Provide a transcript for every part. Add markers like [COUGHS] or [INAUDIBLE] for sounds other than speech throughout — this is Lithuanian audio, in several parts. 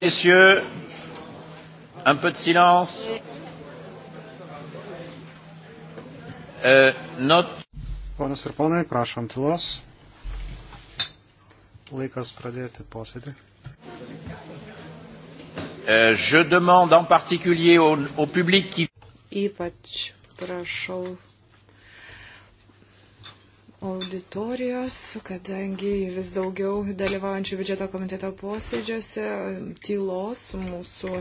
Messieurs, un peu de silence. Euh, not... Ponas ir ponai, prašom tylos. Laikas pradėti posėdį. Euh, je demande en particulier au, au public qui... Ypač prašau auditorijos, kadangi vis daugiau dalyvaujančių biudžeto komiteto posėdžiuose tylos mūsų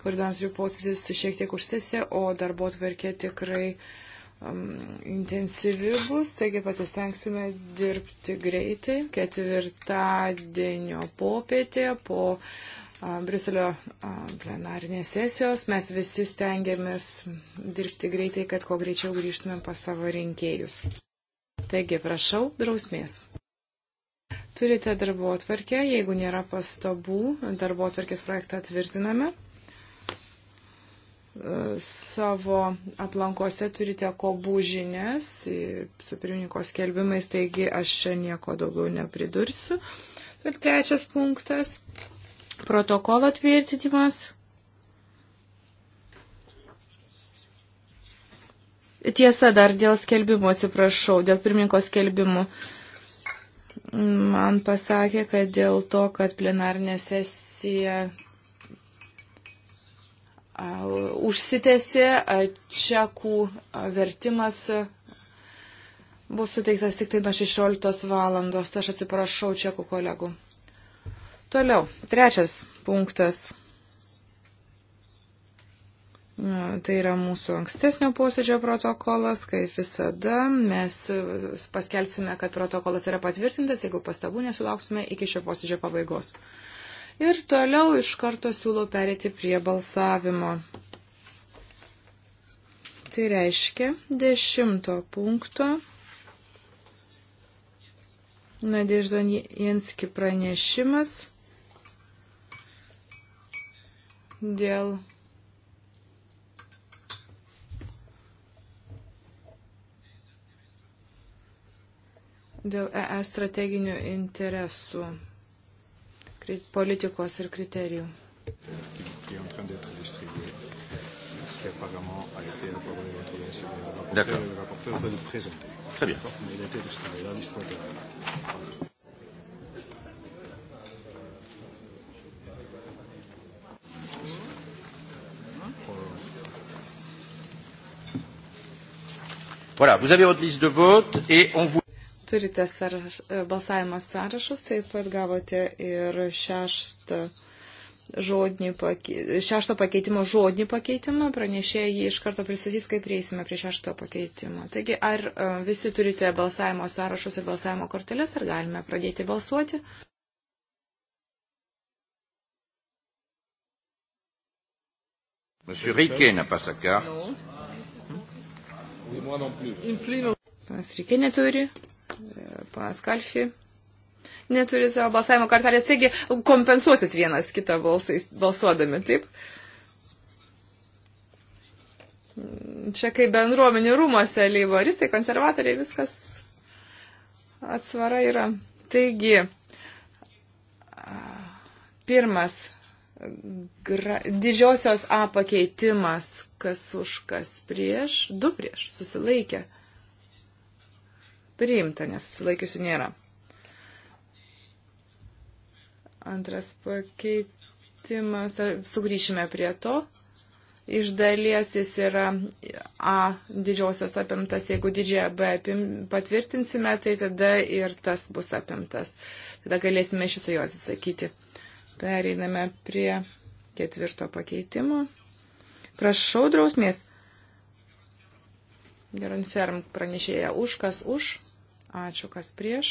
koordinatorių posėdis šiek tiek užsisė, o darbo tvarkė tikrai um, intensyvi bus, taigi pasistengsime dirbti greitai. Ketvirtadienio popietė po um, Briuselio um, plenarinės sesijos mes visi stengiamės dirbti greitai, kad kuo greičiau grįžtumėm pas savo rinkėjus. Taigi, prašau drausmės. Turite darbo atvarkę, jeigu nėra pastabų, darbo atvarkės projektą tvirtiname. E, savo aplankose turite kobų žinias su pirmininko skelbimais, taigi aš čia nieko daugiau nepridursiu. Ir trečias punktas - protokolo tvirtinimas. Tiesa, dar dėl skelbimų, atsiprašau, dėl pirmininko skelbimų. Man pasakė, kad dėl to, kad plenarnė sesija užsitėsi, čekų vertimas bus suteiktas tik tai nuo 16 valandos. Tai aš atsiprašau čekų kolegų. Toliau, trečias punktas. Tai yra mūsų ankstesnio posėdžio protokolas, kaip visada. Mes e, paskelbsime, kad protokolas yra patvirtintas, jeigu pastabų nesulauksime iki šio posėdžio pabaigos. Ir toliau iš karto siūlau perėti prie balsavimo. Tai reiškia dešimto punkto Nadežda Jenski pranešimas dėl dėl ES e strateginių interesų, politikos ir kriterijų. Très bien. Voilà, vous avez votre liste de vote et on vous Turite sąraš, e, balsavimo sąrašus, taip pat gavote ir šeštą žodinį pake, šešto pakeitimo žodinį pakeitimą, pranešėjai jį iš karto pristatys, kaip prieisime prie šešto pakeitimo. Taigi, ar e, visi turite balsavimo sąrašus ir balsavimo korteles, ar galime pradėti balsuoti? Monsieur Riquet n'a pas sa carte. Non. Pas Riquet neturi. Panas Kalfi neturi savo balsavimo kartelės, taigi kompensuosit vienas kitą balsais, balsuodami, taip? Čia kaip bendruomenių rūmose, leiboristai, konservatoriai, viskas atsvara yra. Taigi, pirmas gra, didžiosios A pakeitimas, kas už kas prieš, du prieš, susilaikė, priimta, nes susilaikiusių nėra. Antras pakeitimas, sugrįšime prie to. Iš dalies jis yra A didžiosios apimtas, jeigu didžiąją B apim, patvirtinsime, tai tada ir tas bus apimtas. Tada galėsime šito jo atsisakyti. Pereiname prie ketvirto pakeitimo. Prašau drausmės. Geronferm pranešėja už, kas už, ačiū, kas prieš.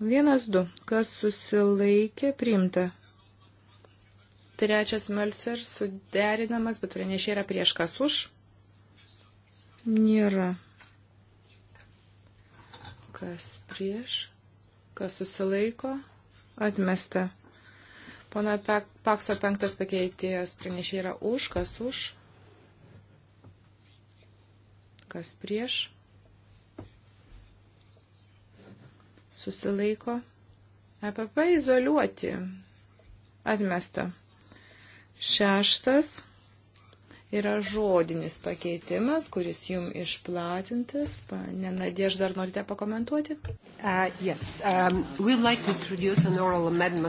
Vienas, du, kas susilaikė, priimta. Trečias Melcer suderinamas, bet pranešėja yra prieš, kas už. Nėra. Kas prieš, kas susilaiko, atmesta. Pana Pakso penktas pakeitėjas pranešėja yra už, kas už kas prieš, susilaiko, EPP izoliuoti, atmesta. Šeštas yra žodinis pakeitimas, kuris jum išplatintas. Nenadėž dar norite pakomentuoti? Uh, yes. um, like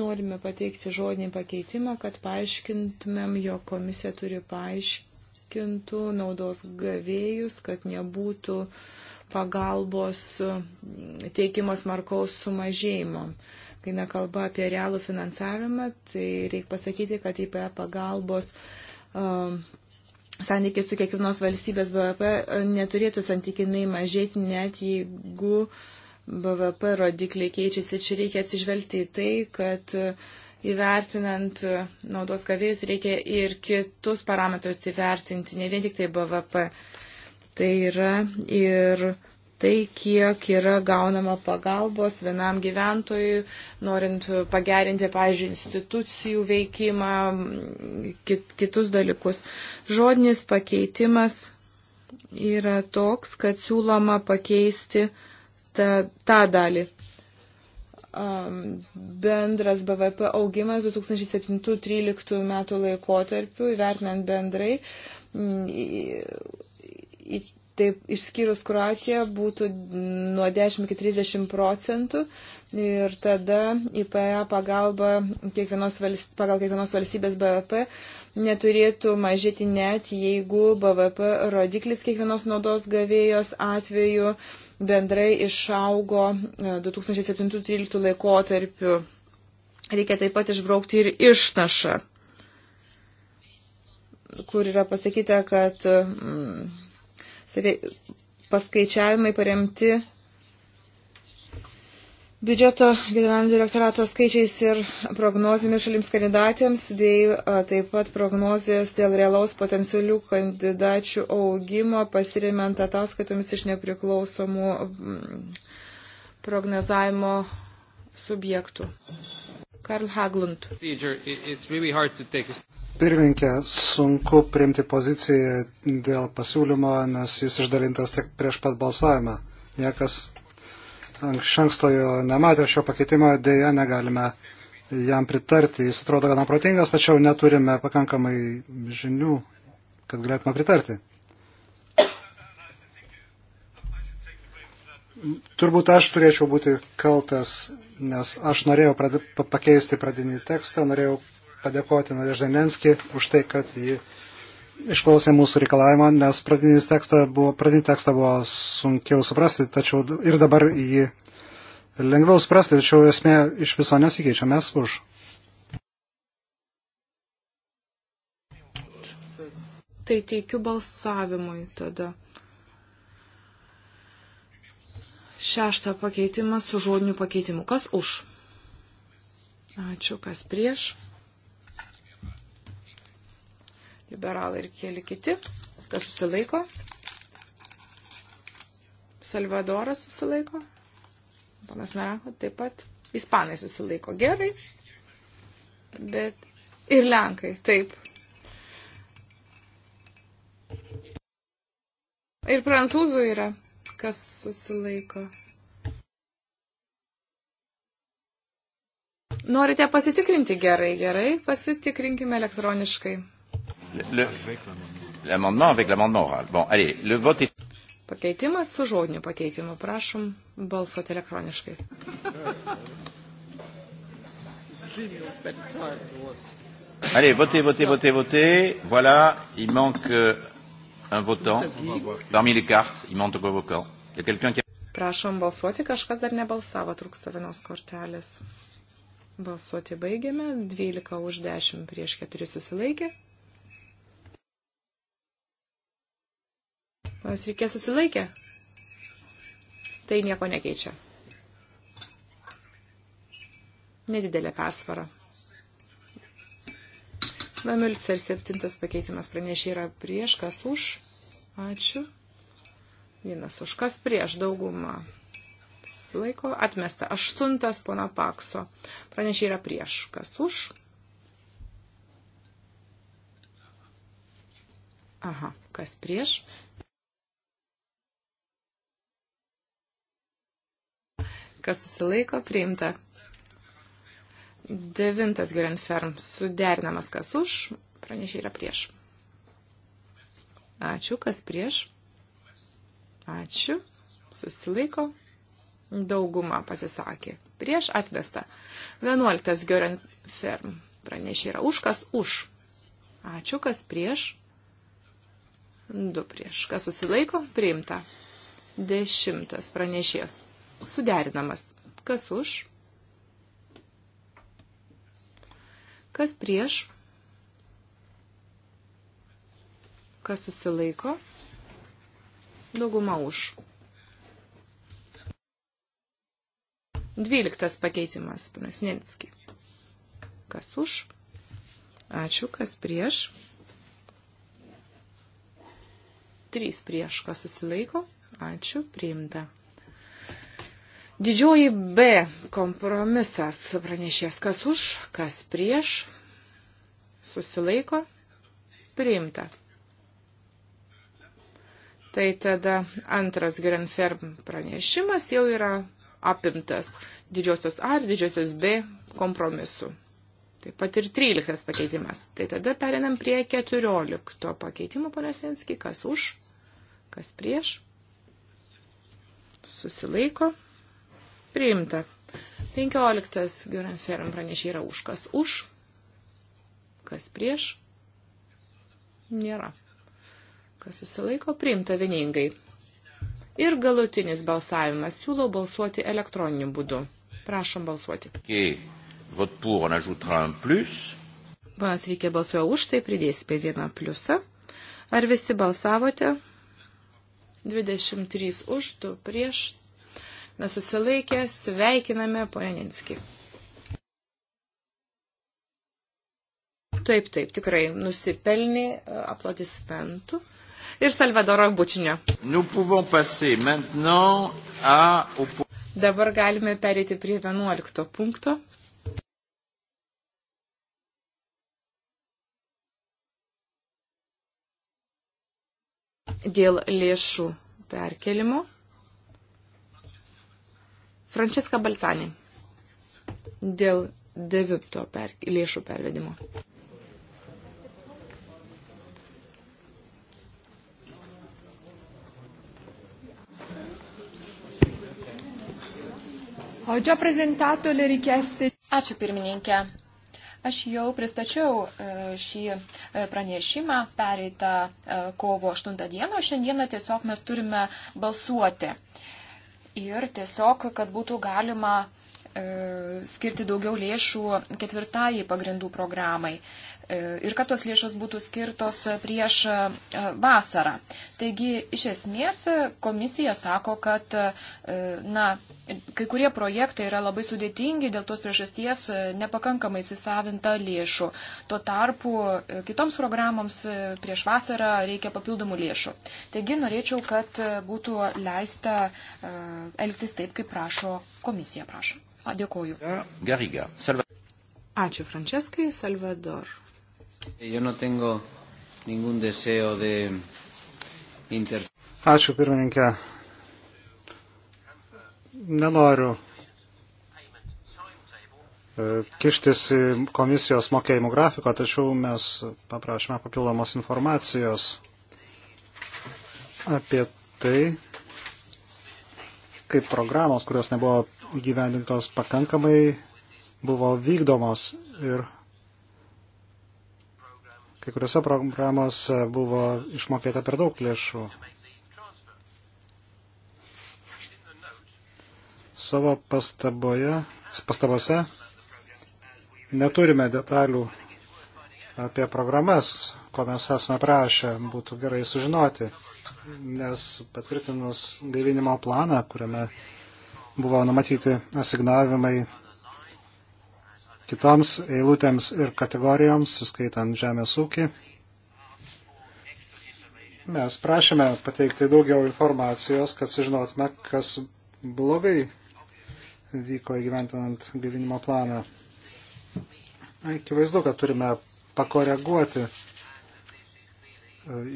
Norime pateikti žodinį pakeitimą, kad paaiškintumėm, jo komisija turi paaiškinti įtikintų naudos gavėjus, kad nebūtų pagalbos teikimas markaus sumažėjimo. Kai nekalba apie realų finansavimą, tai reikia pasakyti, kad IPE pagalbos um, santykis su kiekvienos valstybės BVP e, neturėtų santykinai mažėti, net jeigu BVP rodikliai keičiasi. Čia reikia atsižvelgti į tai, kad uh, įvertinant naudos gavėjus reikia ir kitus parametrus įvertinti, ne vien tik tai BVP. Tai yra ir tai, kiek yra gaunama pagalbos vienam gyventojui, norint pagerinti, pavyzdžiui, institucijų veikimą, kit, kitus dalykus. Žodinis pakeitimas yra toks, kad siūloma pakeisti tą, tą dalį Um, bendras BVP augimas 2007-2013 metų laikotarpiu, įvertinant bendrai, mm, taip išskyrus Kroatiją, būtų nuo 10 iki 30 procentų ir tada IPA e pagalba kiekvienos valst, pagal kiekvienos valstybės BVP neturėtų mažėti net, jeigu BVP rodiklis kiekvienos naudos gavėjos atveju bendrai išaugo 2007-2013 e, laikotarpiu. Reikia taip pat išbraukti ir išnašą, kur yra pasakyta, kad mm, paskaičiavimai paremti biudžeto generalinio direktorato skaičiais ir prognozėmis šalims kandidatėms, bei a, taip pat prognozės dėl realaus potencialių kandidačių augimo, pasiriment ataskaitomis iš nepriklausomų prognozavimo subjektų. Karl Haglund. Pirminkė, sunku priimti poziciją dėl pasiūlymo, nes jis išdalintas tik prieš pat balsavimą. Niekas anksto jo nematė šio pakeitimo, dėja negalime jam pritarti. Jis atrodo gana protingas, tačiau neturime pakankamai žinių, kad galėtume pritarti. Turbūt aš turėčiau būti kaltas, nes aš norėjau prad... pakeisti pradinį tekstą, norėjau padėkoti Nadeždanenski už tai, kad jį ji išklausė mūsų reikalavimą, nes pradinį tekstą buvo, pradinį tekstą buvo sunkiau suprasti, tačiau ir dabar jį lengviau suprasti, tačiau esmė iš viso nesikeičia. Mes už. Tai teikiu balsavimui tada. Šeštą pakeitimą su žodiniu pakeitimu. Kas už? Ačiū, kas prieš liberalai ir keli kiti. Kas susilaiko? Salvadoras susilaiko. Panas Naranko taip pat. Ispanai susilaiko gerai. Bet ir Lenkai, taip. Ir prancūzų yra, kas susilaiko. Norite pasitikrinti gerai, gerai, pasitikrinkime elektroniškai. L'amendement avec l'amendement oral. Bon, allez, le vote est... Pakeitimas su žodiniu pakeitimu. Prašom balsuoti elektroniškai. Allez, votez, votez, votez, votez. Voilà, il manque euh, un votant. Parmi les cartes, il manque un votant. Il y a quelqu'un qui a... Prašom balsuoti, kažkas dar nebalsavo, trūksta vienos kortelės. Balsuoti baigiame, 12 už 10 prieš 4 susilaikė, Vas reikės susilaikę. Tai nieko nekeičia. Nedidelė persvara. Namilks ir septintas pakeitimas pranešė yra prieš, kas už. Ačiū. Vienas už kas prieš daugumą. Laiko atmesta. Aštuntas pono Pakso. Pranešė yra prieš, kas už. Aha, kas prieš? kas susilaiko, priimta. Devintas Grand Ferm suderinamas, kas už, pranešė yra prieš. Ačiū, kas prieš. Ačiū, susilaiko. Dauguma pasisakė. Prieš atvesta. Vienuoliktas Grand Ferm pranešė yra už, kas už. Ačiū, kas prieš. Du prieš. Kas susilaiko, priimta. Dešimtas pranešės suderinamas. Kas už? Kas prieš? Kas susilaiko? Dauguma už. Dvyliktas pakeitimas, panas Nenski. Kas už? Ačiū, kas prieš? Trys prieš, kas susilaiko? Ačiū, priimta. Didžioji B kompromisas pranešės, kas už, kas prieš, susilaiko, priimta. Tai tada antras Grenferm pranešimas jau yra apimtas didžiosios A ir didžiosios B kompromisu. Taip pat ir 13 pakeitimas. Tai tada perinam prie 14 pakeitimo, ponas Jenski, kas už, kas prieš, susilaiko, priimta Priimta. 15. Gurenferm pranešė yra už. Kas už? Kas prieš? Nėra. Kas susilaiko? Priimta vieningai. Ir galutinis balsavimas. Siūlau balsuoti elektroniniu būdu. Prašom balsuoti. Ponas Rykė balsuoja už, tai pridėsime vieną pliusą. Ar visi balsavote? 23 už, 2 prieš, nesusilaikė, sveikiname, ponė Ninski. Taip, taip, tikrai nusipelnė e, aplodismentų. Ir Salvadoro Bučinio. Dabar galime perėti prie 11 punkto. Dėl lėšų perkelimo. Frančiska Balcanė dėl devinto per, lėšų pervedimo. Ho già presentato le richieste. Ačiū pirmininkė. Aš jau pristačiau e, šį e, pranešimą pereitą e, kovo 8 dieną, o šiandieną tiesiog mes turime balsuoti ir tiesiog, kad būtų galima e, skirti daugiau lėšų ketvirtąjį pagrindų programai. E, ir kad tos lėšos būtų skirtos prieš e, vasarą. Taigi, iš esmės, komisija sako, kad e, na, kai kurie projektai yra labai sudėtingi, dėl tos priežasties nepakankamai įsisavinta lėšų. Tuo tarpu kitoms programoms prieš vasarą reikia papildomų lėšų. Taigi, norėčiau, kad būtų leista elgtis taip, kaip prašo komisija, prašom. Dėkuoju. Gariga. Ačiū Franceskai Salvador. Eh, Ačiū pirmininkė. Nenoriu e, kištis į komisijos mokėjimų grafiko, tačiau mes paprašėme papildomos informacijos apie tai, kaip programos, kurios nebuvo įgyvendintos pakankamai, buvo vykdomos ir Kai kuriuose programuose buvo išmokėta per daug lėšų. Savo pastaboje, pastabose neturime detalių apie programas, ko mes esame prašę, būtų gerai sužinoti, nes patvirtinus gaivinimo planą, kuriame buvo numatyti asignavimai kitoms eilutėms ir kategorijoms, suskaitant žemės ūkį. Mes prašėme pateikti daugiau informacijos, kad sužinotume, kas blogai vyko įgyventinant gyvenimo planą. Akivaizdu, kad turime pakoreguoti e,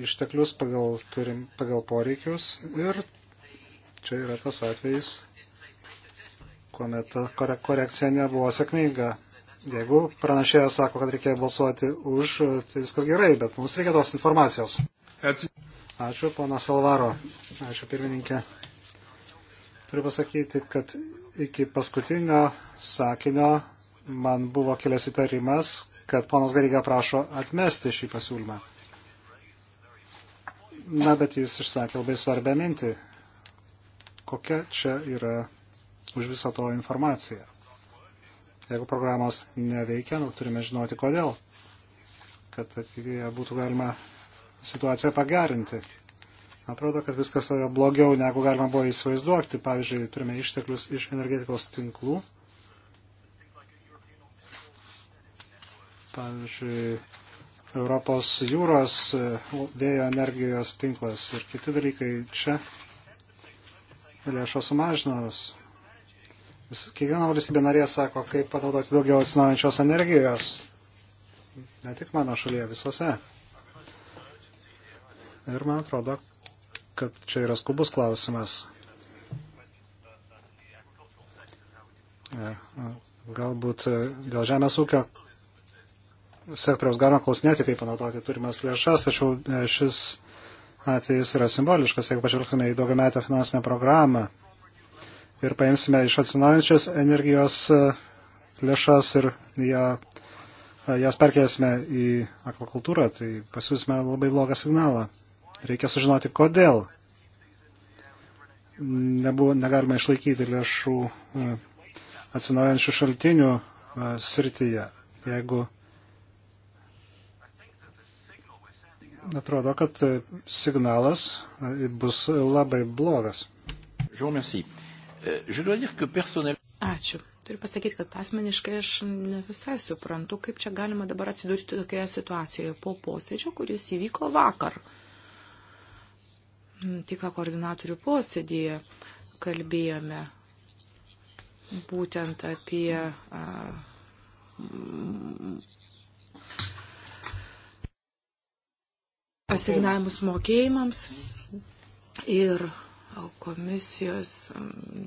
išteklius pagal, turim, pagal poreikius ir čia yra tas atvejis, kuomet kore, korekcija nebuvo sėkminga. Jeigu pranašėjas sako, kad reikia balsuoti už, tai viskas gerai, bet mums reikia tos informacijos. Ačiū, ponas Alvaro. Ačiū, pirmininkė. Turiu pasakyti, kad iki paskutinio sakinio man buvo kilęs įtarimas, kad ponas Gariga prašo atmesti šį pasiūlymą. Na, bet jis išsakė labai svarbę mintį. Kokia čia yra už viso to informacija? Jeigu programos neveikia, nu, turime žinoti kodėl, kad būtų galima situaciją pagerinti. Atrodo, kad viskas yra blogiau, negu galima buvo įsivaizduoti. Pavyzdžiui, turime išteklius iš energetikos tinklų. Pavyzdžiui, Europos jūros e, vėjo energijos tinklas ir kiti dalykai čia lėšos sumažinamos. Kiekviena valstybė narė sako, kaip panaudoti daugiau atsinaujančios energijos. Ne tik mano šalyje, visose. Ir man atrodo, kad čia yra skubus klausimas. E, galbūt e, dėl žemės ūkio sektoriaus galima klausinėti, kaip panaudoti turimas lėšas, tačiau e, šis atvejis yra simboliškas, jeigu pažvelgsime į daugiametę finansinę programą ir paimsime iš atsinaujančios energijos e, lėšas ir ją, e, jas perkėsime į akvakultūrą, tai pasiūsime labai blogą signalą. Reikia sužinoti, kodėl nebuvo, negalima išlaikyti lėšų e, atsinaujančių šaltinių srityje. Jeigu atrodo, kad signalas bus labai blogas. Žau, merci. Eh, Ačiū. Turiu pasakyti, kad asmeniškai aš ne visai suprantu, kaip čia galima dabar atsidurti tokioje situacijoje po posėdžio, kuris įvyko vakar. Mm, tik koordinatorių posėdėje kalbėjome būtent apie a, asignavimus mokėjimams ir komisijos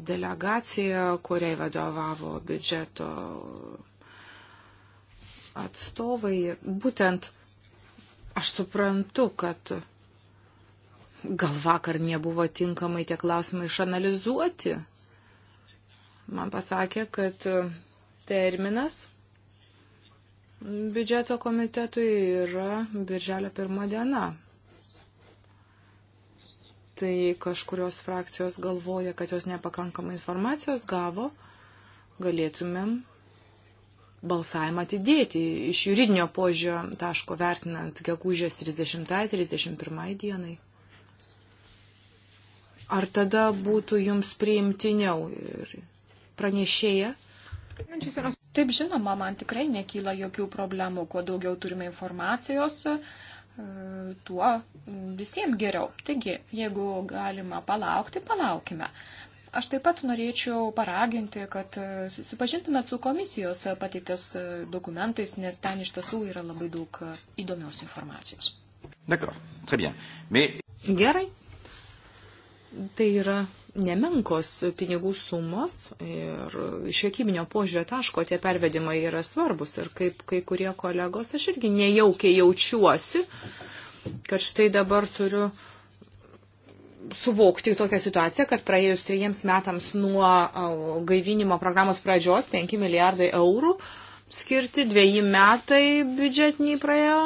delegacija, kuriai vadovavo biudžeto atstovai. Būtent aš suprantu, kad gal vakar nebuvo tinkamai tie klausimai išanalizuoti. Man pasakė, kad terminas biudžeto komitetui yra birželio pirmą dieną tai kažkurios frakcijos galvoja, kad jos nepakankamai informacijos gavo, galėtumėm balsavimą atidėti iš juridinio požio taško vertinant gegužės 30-31 dienai. Ar tada būtų jums priimtiniau ir pranešėja? Taip žinoma, man tikrai nekyla jokių problemų, kuo daugiau turime informacijos, tuo visiems geriau. Taigi, jeigu galima palaukti, palaukime. Aš taip pat norėčiau paraginti, kad e, susipažintumėt su komisijos pateiktas e, dokumentais, nes ten iš tiesų yra labai daug e, įdomios informacijos. D'accord, très bien. Mais... Gerai. Tai yra nemenkos pinigų sumos ir iš ekybinio požiūrio taško tie pervedimai yra svarbus. Ir kaip kai kurie kolegos, aš irgi nejaukiai jaučiuosi, kad štai dabar turiu suvokti tokią situaciją, kad praėjus trijiems metams nuo gaivinimo programos pradžios 5 milijardai eurų skirti, dviejai metai biudžetiniai praėjo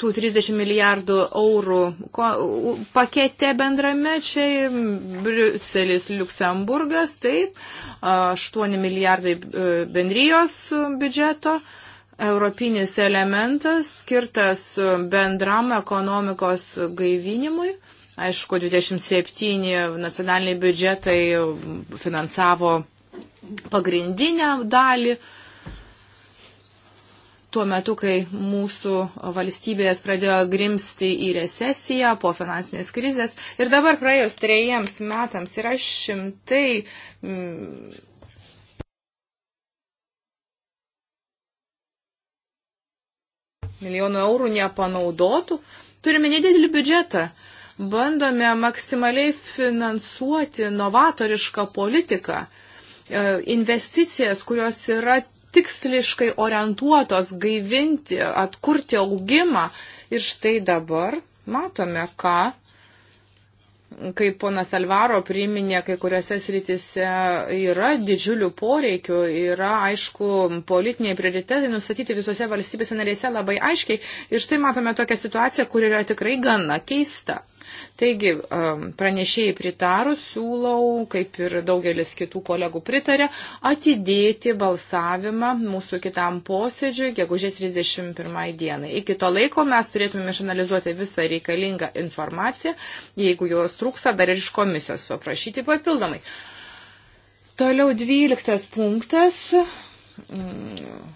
tų 30 milijardų eurų pakete bendrame, čia Briuselis, Luksemburgas, taip, 8 milijardai e, bendrijos biudžeto. Europinis elementas skirtas bendram ekonomikos gaivinimui. Aišku, 27 nacionaliniai biudžetai finansavo pagrindinę dalį uh, tuo metu, kai mūsų valstybės pradėjo grimsti į recesiją po finansinės krizės. Ir dabar praėjus trejiems metams yra šimtai. Mm, milijonų eurų nepanaudotų, turime nedidelį biudžetą, bandome maksimaliai finansuoti novatorišką politiką, e, investicijas, kurios yra tiksliškai orientuotos gaivinti, atkurti augimą. Ir štai dabar matome, ką kaip ponas Alvaro priminė, kai kuriuose sritise yra didžiulių poreikių, yra, aišku, politiniai prioritetai nustatyti visose valstybėse narėse labai aiškiai. Ir štai matome tokią situaciją, kur yra tikrai gana keista. Taigi, um, pranešėjai pritarus siūlau, kaip ir daugelis kitų kolegų pritarė, atidėti balsavimą mūsų kitam posėdžiui, gegužės 31 dienai. Iki to laiko mes turėtume išanalizuoti visą reikalingą informaciją, jeigu jos trūksta, dar ir iš komisijos paprašyti papildomai. Toliau 12 punktas. Mm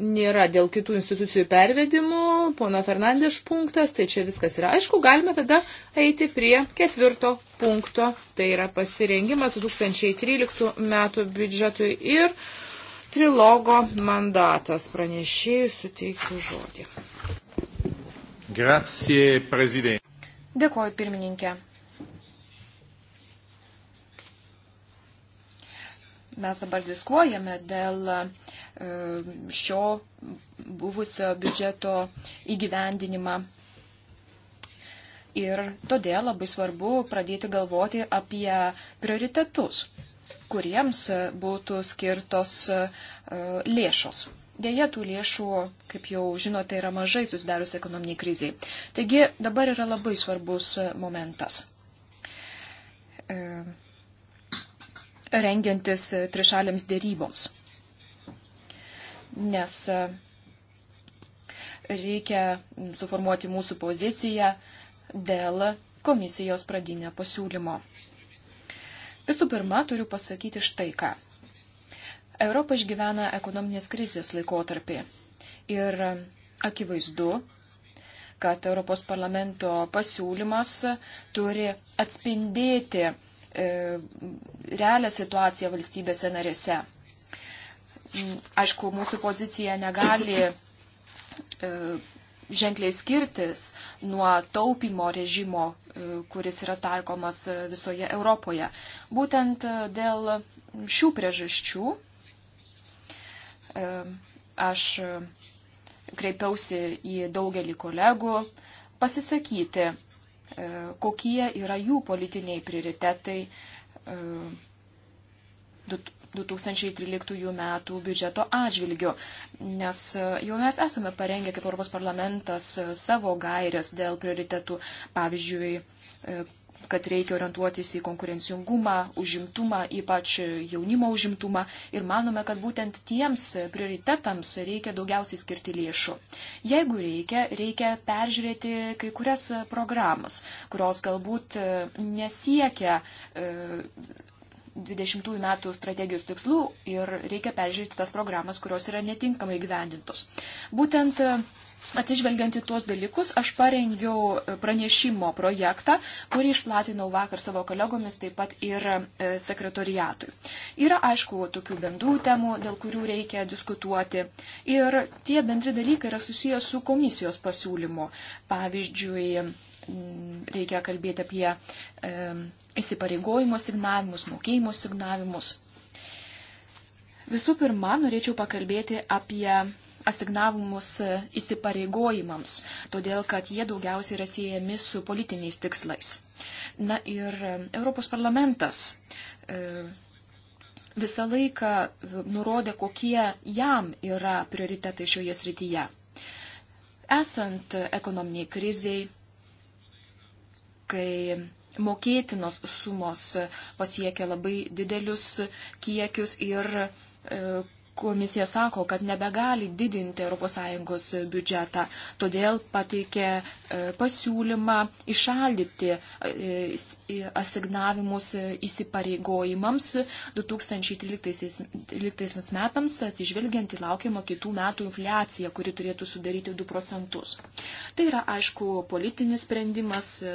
nėra dėl kitų institucijų pervedimų, pono Fernandės punktas, tai čia viskas yra aišku, galime tada eiti prie ketvirto punkto, tai yra pasirengimas 2013 metų biudžetui ir trilogo mandatas pranešėjų suteikiu žodį. Grazie, prezidentė. Dėkuoju, pirmininkė. mes dabar diskuojame dėl e, šio buvusio biudžeto įgyvendinimą. Ir todėl labai svarbu pradėti galvoti apie prioritetus, kuriems būtų skirtos e, lėšos. Dėja, tų lėšų, kaip jau žinote, yra mažai susidarius ekonominiai kriziai. Taigi dabar yra labai svarbus momentas. E, rengiantis e, trišalėms dėryboms. Nes e, reikia suformuoti mūsų poziciją dėl komisijos pradinio pasiūlymo. Visų pirma, turiu pasakyti štai ką. Europa išgyvena ekonominės krizės laikotarpį ir akivaizdu, kad Europos parlamento pasiūlymas turi atspindėti E, realią situaciją valstybėse narėse. Mm, aišku, mūsų pozicija negali e, ženkliai skirtis nuo taupimo režimo, e, kuris yra taikomas visoje Europoje. Būtent dėl šių priežasčių aš kreipiausi į daugelį kolegų pasisakyti E, kokie yra jų politiniai prioritetai 2013 e, metų biudžeto atžvilgiu, nes e, jau mes esame parengę kaip Europos parlamentas savo gairias dėl prioritetų, pavyzdžiui, kad reikia orientuotis į konkurencingumą, užimtumą, ypač jaunimo užimtumą ir manome, kad būtent tiems prioritetams reikia daugiausiai skirti lėšų. Jeigu reikia, reikia peržiūrėti kai kurias programas, kurios galbūt e, nesiekia 20 e, metų strategijos tikslų ir reikia peržiūrėti tas programas, kurios yra netinkamai gyvendintos. Būtent Atsižvelgiant į tuos dalykus, aš parengiau e, pranešimo projektą, kurį išplatinau vakar savo kolegomis, taip pat ir e, sekretoriatui. Yra, aišku, tokių bendrų temų, dėl kurių reikia diskutuoti. Ir tie bendri dalykai yra susijęs su komisijos pasiūlymu. Pavyzdžiui, reikia kalbėti apie e, įsipareigojimo signavimus, mokėjimo signavimus. Visų pirma, norėčiau pakalbėti apie asignavimus įsipareigojimams, todėl kad jie daugiausiai yra siejami su politiniais tikslais. Na ir e, Europos parlamentas e, visą laiką e, nurodė, kokie jam yra prioritetai šioje srityje. Esant ekonominiai kriziai, kai mokėtinos sumos pasiekia labai didelius kiekius ir komisija sako, kad nebegali didinti ES biudžetą, todėl pateikė e, pasiūlymą išaldyti e, asignavimus įsipareigojimams 2013 metams, atsižvelgiant į laukiamą kitų metų infliaciją, kuri turėtų sudaryti 2 procentus. Tai yra, aišku, politinis sprendimas, e,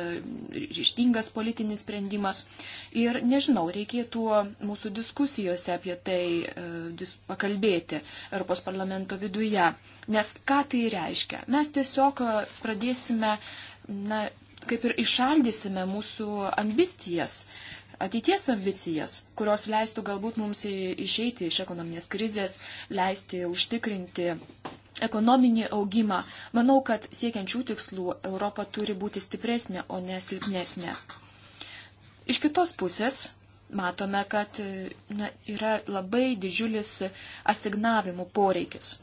ryštingas politinis sprendimas ir, nežinau, reikėtų mūsų diskusijose apie tai pakalbėti kalbėti Europos parlamento viduje. Nes ką tai reiškia? Mes tiesiog e, pradėsime, na, kaip ir išaldysime mūsų ambicijas, ateities ambicijas, kurios leistų galbūt mums išeiti iš ekonominės krizės, leisti užtikrinti ekonominį augimą. Manau, kad siekiančių tikslų Europa turi būti stipresnė, o ne silpnesnė. Iš kitos pusės matome, kad na, yra labai didžiulis asignavimų poreikis.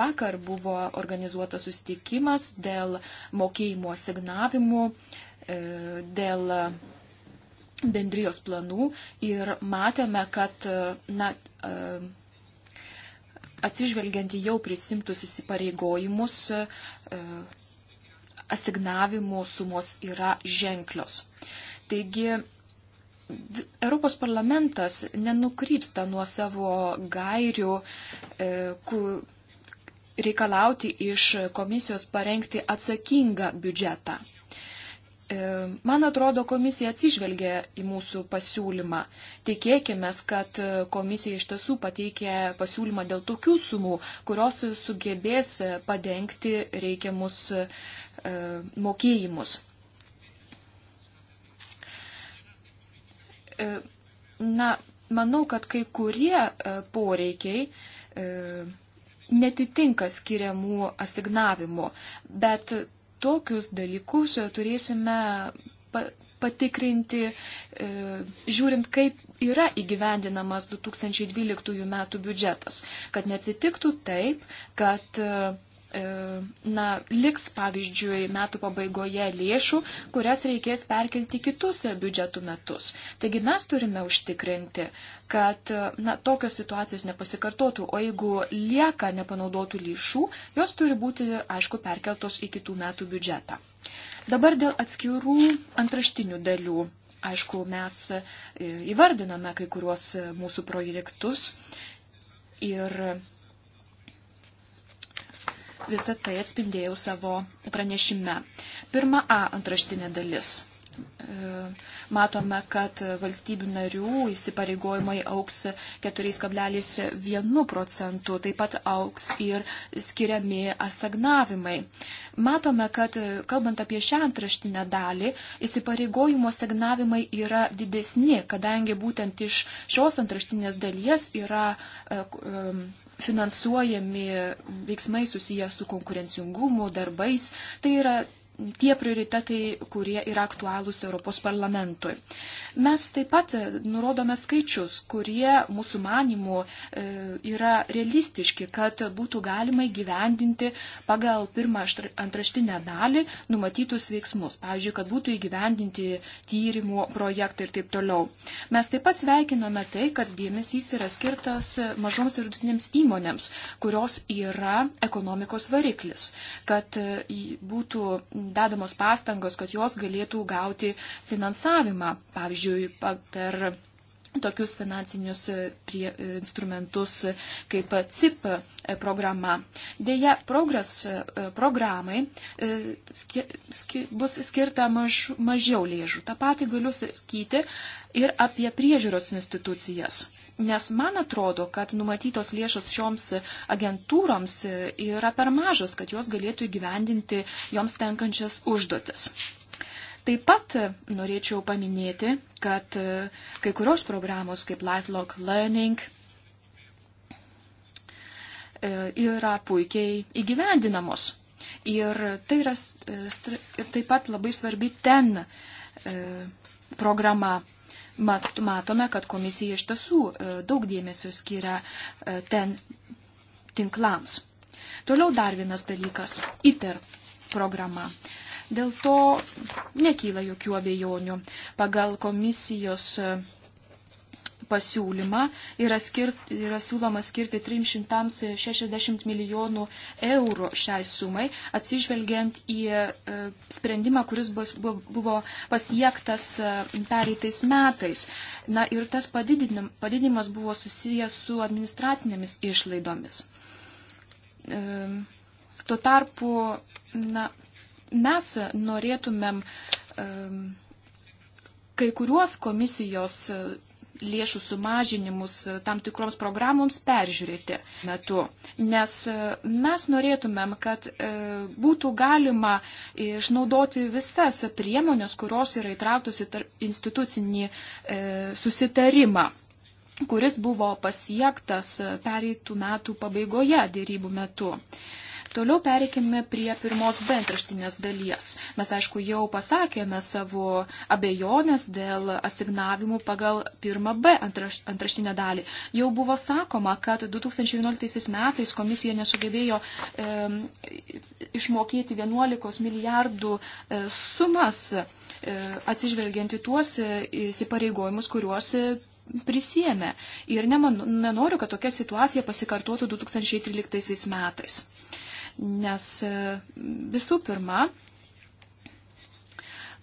Vakar buvo organizuotas susitikimas dėl mokėjimų asignavimų, e, dėl bendrijos planų ir matėme, kad na, e, atsižvelgiant į jau prisimtus įsipareigojimus, e, asignavimų sumos yra ženklios. Taigi Europos parlamentas nenukrypsta nuo savo gairių, e, reikalauti iš komisijos parengti atsakingą biudžetą. E, man atrodo, komisija atsižvelgia į mūsų pasiūlymą. Tikėkime, kad komisija iš tiesų pateikė pasiūlymą dėl tokių sumų, kurios sugebės padengti reikiamus e, mokėjimus. E, na, manau, kad kai kurie e, poreikiai e, netitinka skiriamų asignavimų, bet tokius dalykus turėsime patikrinti, žiūrint, kaip yra įgyvendinamas 2012 m. biudžetas, kad neatsitiktų taip, kad E, na, liks, pavyzdžiui, metų pabaigoje lėšų, kurias reikės perkelti kitus e, biudžetų metus. Taigi mes turime užtikrinti, kad e, na, tokios situacijos nepasikartotų, o jeigu lieka nepanaudotų lėšų, jos turi būti, aišku, perkeltos į kitų metų biudžetą. Dabar dėl atskirų antraštinių dalių. Aišku, mes įvardiname kai kuriuos mūsų projektus ir visą tai atspindėjau savo pranešime. Pirma A antraštinė dalis. E, matome, kad valstybių narių įsipareigojimai auks 4,1 procentų, taip pat auks ir skiriami asignavimai. Matome, kad kalbant apie šią antraštinę dalį, įsipareigojimo asignavimai yra didesni, kadangi būtent iš šios antraštinės dalies yra. Um, finansuojami veiksmai susiję su konkurencingumu, darbais. Tai yra tie prioritetai, kurie yra aktualūs Europos parlamentui. Mes taip pat e, nurodome skaičius, kurie mūsų manimų e, yra realistiški, kad būtų galima įgyvendinti pagal pirmą antraštinę dalį numatytus veiksmus. Pavyzdžiui, kad būtų įgyvendinti tyrimų projektai ir taip toliau. Mes taip pat sveikiname tai, kad dėmesys yra skirtas mažoms ir vidutinėms įmonėms, kurios yra ekonomikos variklis, kad e, būtų dedamos pastangos, kad jos galėtų gauti finansavimą, pavyzdžiui, per tokius finansinius e, prie, e, instrumentus kaip CIP e, programa. Deja, progres programai ski, ski, bus skirta maž, mažiau lėšų. Ta pati galiu sakyti ir apie priežiūros institucijas nes man atrodo, kad numatytos lėšos šioms agentūroms yra per mažos, kad jos galėtų įgyvendinti joms tenkančias užduotis. Taip pat norėčiau paminėti, kad e, kai kurios programos kaip Lifelong Learning e, yra puikiai įgyvendinamos. Ir tai yra e, ir taip pat labai svarbi ten programa Mat, matome, kad komisija iš tiesų e, daug dėmesio skiria e, ten tinklams. Toliau dar vienas dalykas - ITER programa. Dėl to nekyla jokių abejonių. Pagal komisijos e, pasiūlymą yra, skirt, yra siūloma skirti 360 milijonų eurų šiai sumai, atsižvelgiant į e, sprendimą, kuris buvo pasiektas e, pereitais metais. Na ir tas padidinimas buvo susijęs su administracinėmis išlaidomis. E, tuo tarpu na, mes norėtumėm kai kuriuos komisijos lėšų sumažinimus e, tam tikroms programoms peržiūrėti metu. Nes e, mes norėtumėm, kad e, būtų galima išnaudoti visas priemonės, kurios yra įtrauktos į institucinį susitarimą kuris buvo pasiektas pereitų metų pabaigoje dėrybų metu. Toliau pereikime prie pirmos bentraštinės dalies. Mes, aišku, jau pasakėme savo abejonės dėl asignavimų pagal pirmą B antraš, antraštinę dalį. Jau buvo sakoma, kad 2011 metais komisija nesugebėjo e, išmokėti 11 milijardų e, sumas e, atsižvelgianti tuos e, įsipareigojimus, kuriuos e, prisėmė. Ir neman, nenoriu, kad tokia situacija pasikartotų 2013 metais. Nes e, visų pirma,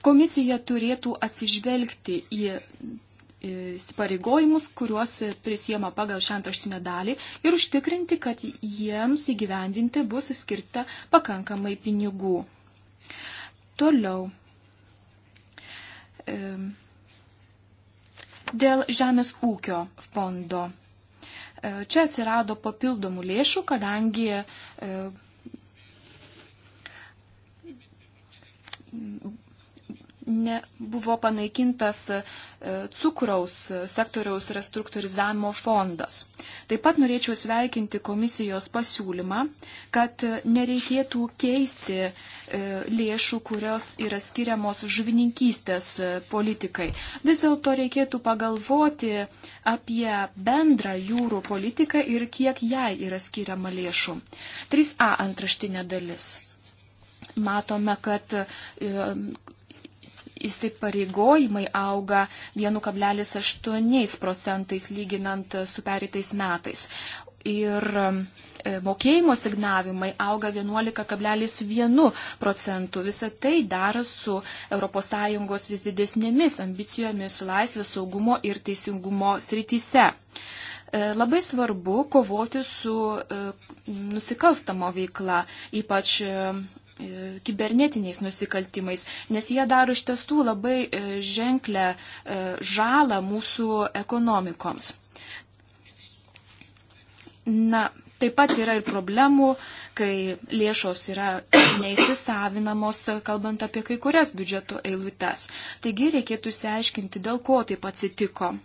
komisija turėtų atsižvelgti į įsipareigojimus, kuriuos prisiema pagal šią antraštinę dalį ir užtikrinti, kad jiems įgyvendinti bus skirta pakankamai pinigų. Toliau. E, dėl Žemės ūkio fondo. E, čia atsirado papildomų lėšų, kadangi ne, buvo panaikintas e, cukraus sektoriaus restruktūrizavimo fondas. Taip pat norėčiau sveikinti komisijos pasiūlymą, kad nereikėtų keisti e, lėšų, kurios yra skiriamos žuvininkystės e, politikai. Vis dėlto reikėtų pagalvoti apie bendrą jūrų politiką ir kiek jai yra skiriama lėšų. 3a antraštinė dalis matome, kad e, įsipareigojimai auga 1,8 procentais lyginant su pereitais metais. Ir e, mokėjimo signavimai auga 11,1 procentų. Visą tai daro su ES vis didesnėmis ambicijomis laisvės saugumo ir teisingumo srityse. E, labai svarbu kovoti su nusikalstamo veikla, ypač E, kibernetiniais nusikaltimais, nes jie daro iš tiesų labai e, ženklę e, žalą mūsų ekonomikoms. Na, taip pat yra ir problemų, kai lėšos yra [COUGHS] neįsisavinamos, kalbant apie kai kurias biudžeto eilutes. Taigi reikėtų įsiaiškinti, dėl ko taip atsitiko.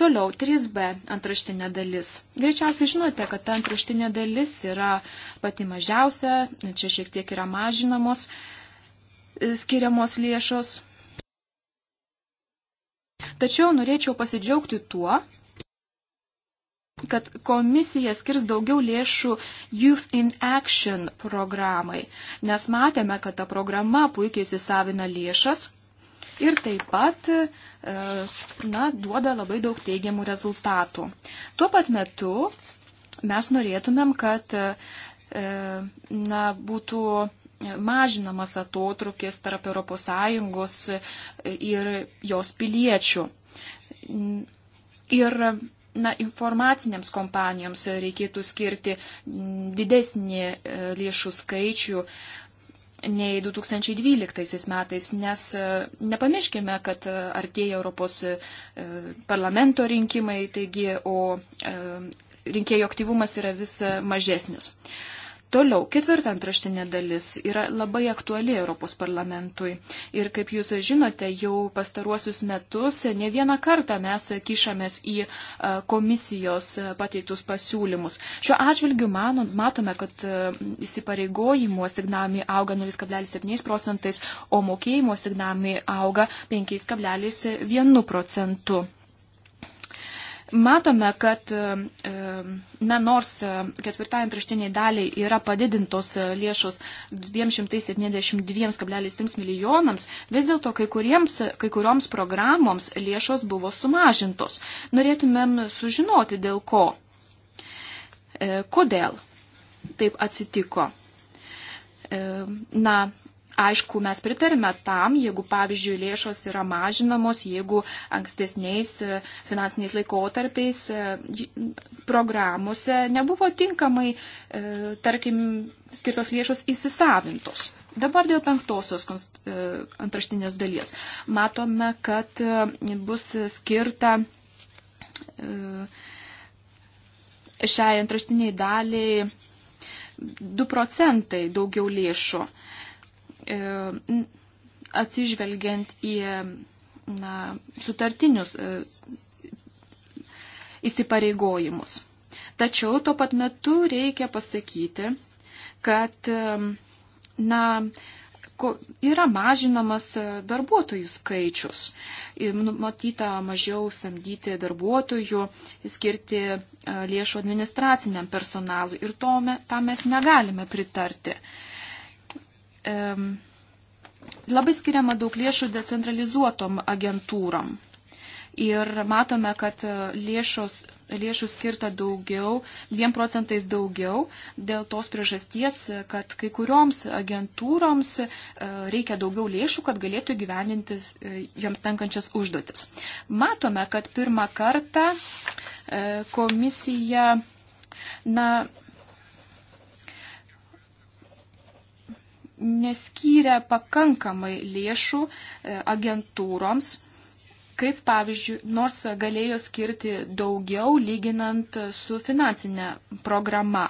Toliau 3b antraštinė dalis. Greičiausiai žinote, kad ta antraštinė dalis yra pati mažiausia, čia šiek tiek yra mažinamos e, skiriamos lėšos. Tačiau norėčiau pasidžiaugti tuo, kad komisija skirs daugiau lėšų Youth in Action programai, nes matėme, kad ta programa puikiai įsisavina lėšas ir taip pat E, na, duoda labai daug teigiamų rezultatų. Tuo pat metu mes norėtumėm, kad e, na, būtų mažinamas atotrukis tarp ES ir jos piliečių. Ir na, informacinėms kompanijoms reikėtų skirti didesnį e, lėšų skaičių nei 2012 metais, nes e, nepamirškime, kad e, artėja Europos e, parlamento rinkimai, taigi, o rinkėjų aktyvumas yra vis mažesnis. Toliau, ketvirta antraštinė dalis yra labai aktuali Europos parlamentui. Ir kaip jūs žinote, jau pastaruosius metus ne vieną kartą mes kišamės į e, komisijos pateiktus pasiūlymus. Šiuo atžvilgiu manom, matome, kad e, įsipareigojimų asignami auga 0,7 procentais, o mokėjimų asignami auga 5,1 procentu. Matome, kad, e, e, na, nors e, ketvirtai antraštiniai daliai yra padidintos lėšos 272,3 milijonams, vis dėlto kai, kuriems, kai kurioms programoms lėšos buvo sumažintos. Norėtumėm sužinoti, dėl ko. Kodėl taip atsitiko? Na, Aišku, mes pritarime tam, jeigu, pavyzdžiui, lėšos yra mažinamos, jeigu ankstesniais e, finansiniais laikotarpiais e, programuose nebuvo tinkamai, e, tarkim, skirtos lėšos įsisavintos. Dabar dėl penktosios antraštinės dalies. Matome, kad bus skirta šiai antraštiniai daliai 2 procentai daugiau lėšų. E, atsižvelgiant į na, sutartinius e, įsipareigojimus. Tačiau tuo pat metu reikia pasakyti, kad e, na, yra mažinamas darbuotojų skaičius. Matyta mažiau samdyti darbuotojų, skirti lėšų administraciniam personalui ir to, tam mes negalime pritarti um, labai skiriama daug lėšų decentralizuotom agentūrom. Ir matome, kad e, lėšos, lėšų skirta daugiau, 2 procentais daugiau, dėl tos priežasties, kad kai kurioms agentūroms e, reikia daugiau lėšų, kad galėtų gyveninti e, joms tenkančias užduotis. Matome, kad pirmą kartą komisija, na, neskyrė pakankamai lėšų e, agentūroms, kaip pavyzdžiui, nors galėjo skirti daugiau lyginant su finansinė programa.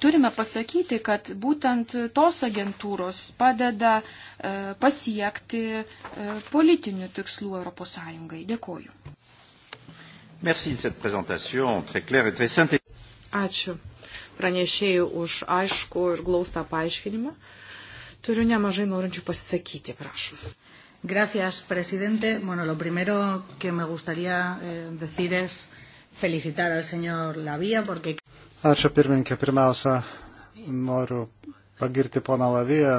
Turime pasakyti, kad būtent tos agentūros padeda e, pasiekti e, politinių tikslų ES. Dėkoju. Merci de cette présentation très claire et très synthétique. Ačiū pranešėjų už aišku ir glaustą paaiškinimą. Turiu nemažai norinčių pasisakyti, prašom. Gracias, presidente. Bueno, lo primero que me gustaría eh, decir es felicitar al señor Lavia porque. Ačiū pirmininkė. Pirmiausia, noriu pagirti poną Laviją.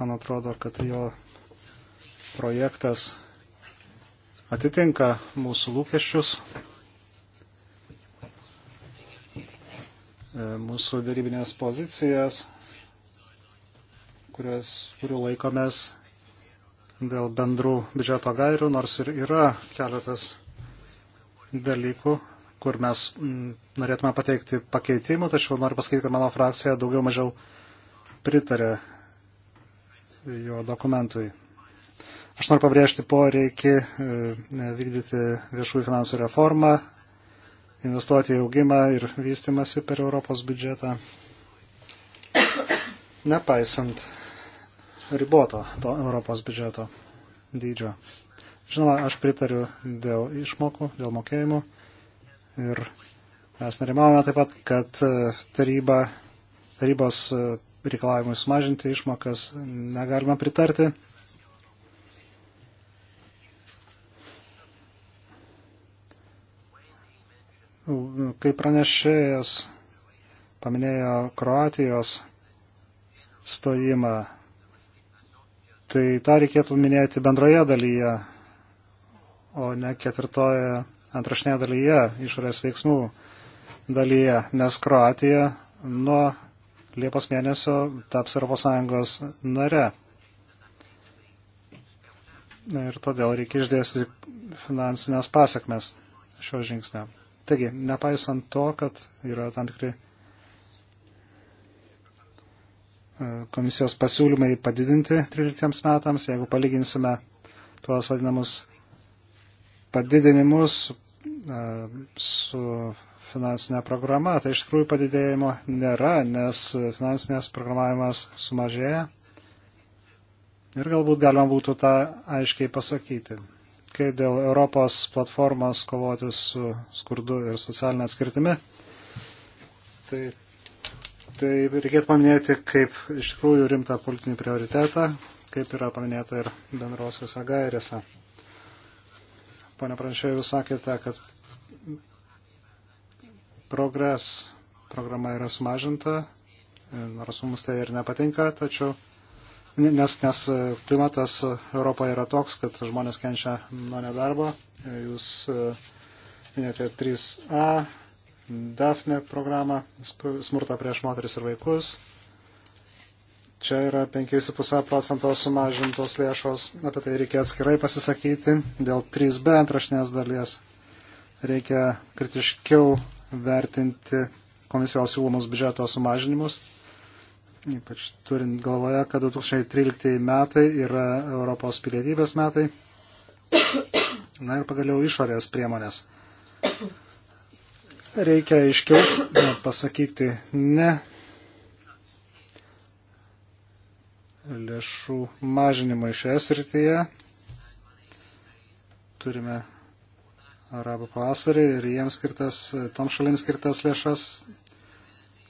Man atrodo, kad jo projektas atitinka mūsų lūkesčius. E, mūsų darybinės pozicijas, kurios, kurių laikomės dėl bendrų biudžeto gairių, nors ir yra keletas dalykų, kur mes norėtume pateikti pakeitimų, tačiau noriu pasakyti, kad mano frakcija daugiau mažiau pritarė jo dokumentui. Aš noriu pabrėžti poreikį e, vykdyti viešųjų finansų reformą, investuoti į augimą ir vystimasi per Europos biudžetą, nepaisant riboto to Europos biudžeto dydžio. Žinoma, aš pritariu dėl išmokų, dėl mokėjimų ir mes nerimavome taip pat, kad e, taryba, tarybos e, reikalavimui sumažinti išmokas negalima pritarti. kaip pranešėjas paminėjo Kroatijos stojimą, tai tą reikėtų minėti bendroje dalyje, o ne ketvirtoje antrašinėje dalyje, išorės veiksmų dalyje, nes Kroatija nuo Liepos mėnesio taps ES nare. Ir todėl reikia išdėsti finansinės pasiekmes šio žingsnio. Taigi, nepaisant to, kad yra tam tikri e, komisijos pasiūlymai padidinti 13 metams, jeigu palyginsime tuos vadinamus padidinimus e, su finansinė programa, tai iš tikrųjų padidėjimo nėra, nes finansinės programavimas sumažėja. Ir galbūt galima būtų tą aiškiai pasakyti kai dėl Europos platformos kovoti su skurdu ir socialinė atskirtimi. Tai, tai reikėtų paminėti kaip iš tikrųjų rimtą politinį prioritetą, kaip yra paminėta ir bendrosiuose gairėse. Pone Pranšėjai, jūs sakėte, kad progres programa yra sumažinta, nors mums tai ir nepatinka, tačiau nes, nes e, klimatas e, Europoje yra toks, kad žmonės kenčia nuo nedarbo. E, jūs minėjote 3A, DAFNE programą, smurtą prieš moteris ir vaikus. Čia yra 5,5 procento sumažintos lėšos, apie tai reikia atskirai pasisakyti. Dėl 3B antrašinės dalies reikia kritiškiau vertinti komisijos siūlomus biudžeto sumažinimus ypač turint galvoje, kad 2013 metai yra Europos pilietybės metai. Na ir pagaliau išorės priemonės. Reikia aiškiau pasakyti ne lėšų mažinimo šioje srityje. Turime arabų pavasarį ir jiems skirtas, tom šalims skirtas lėšas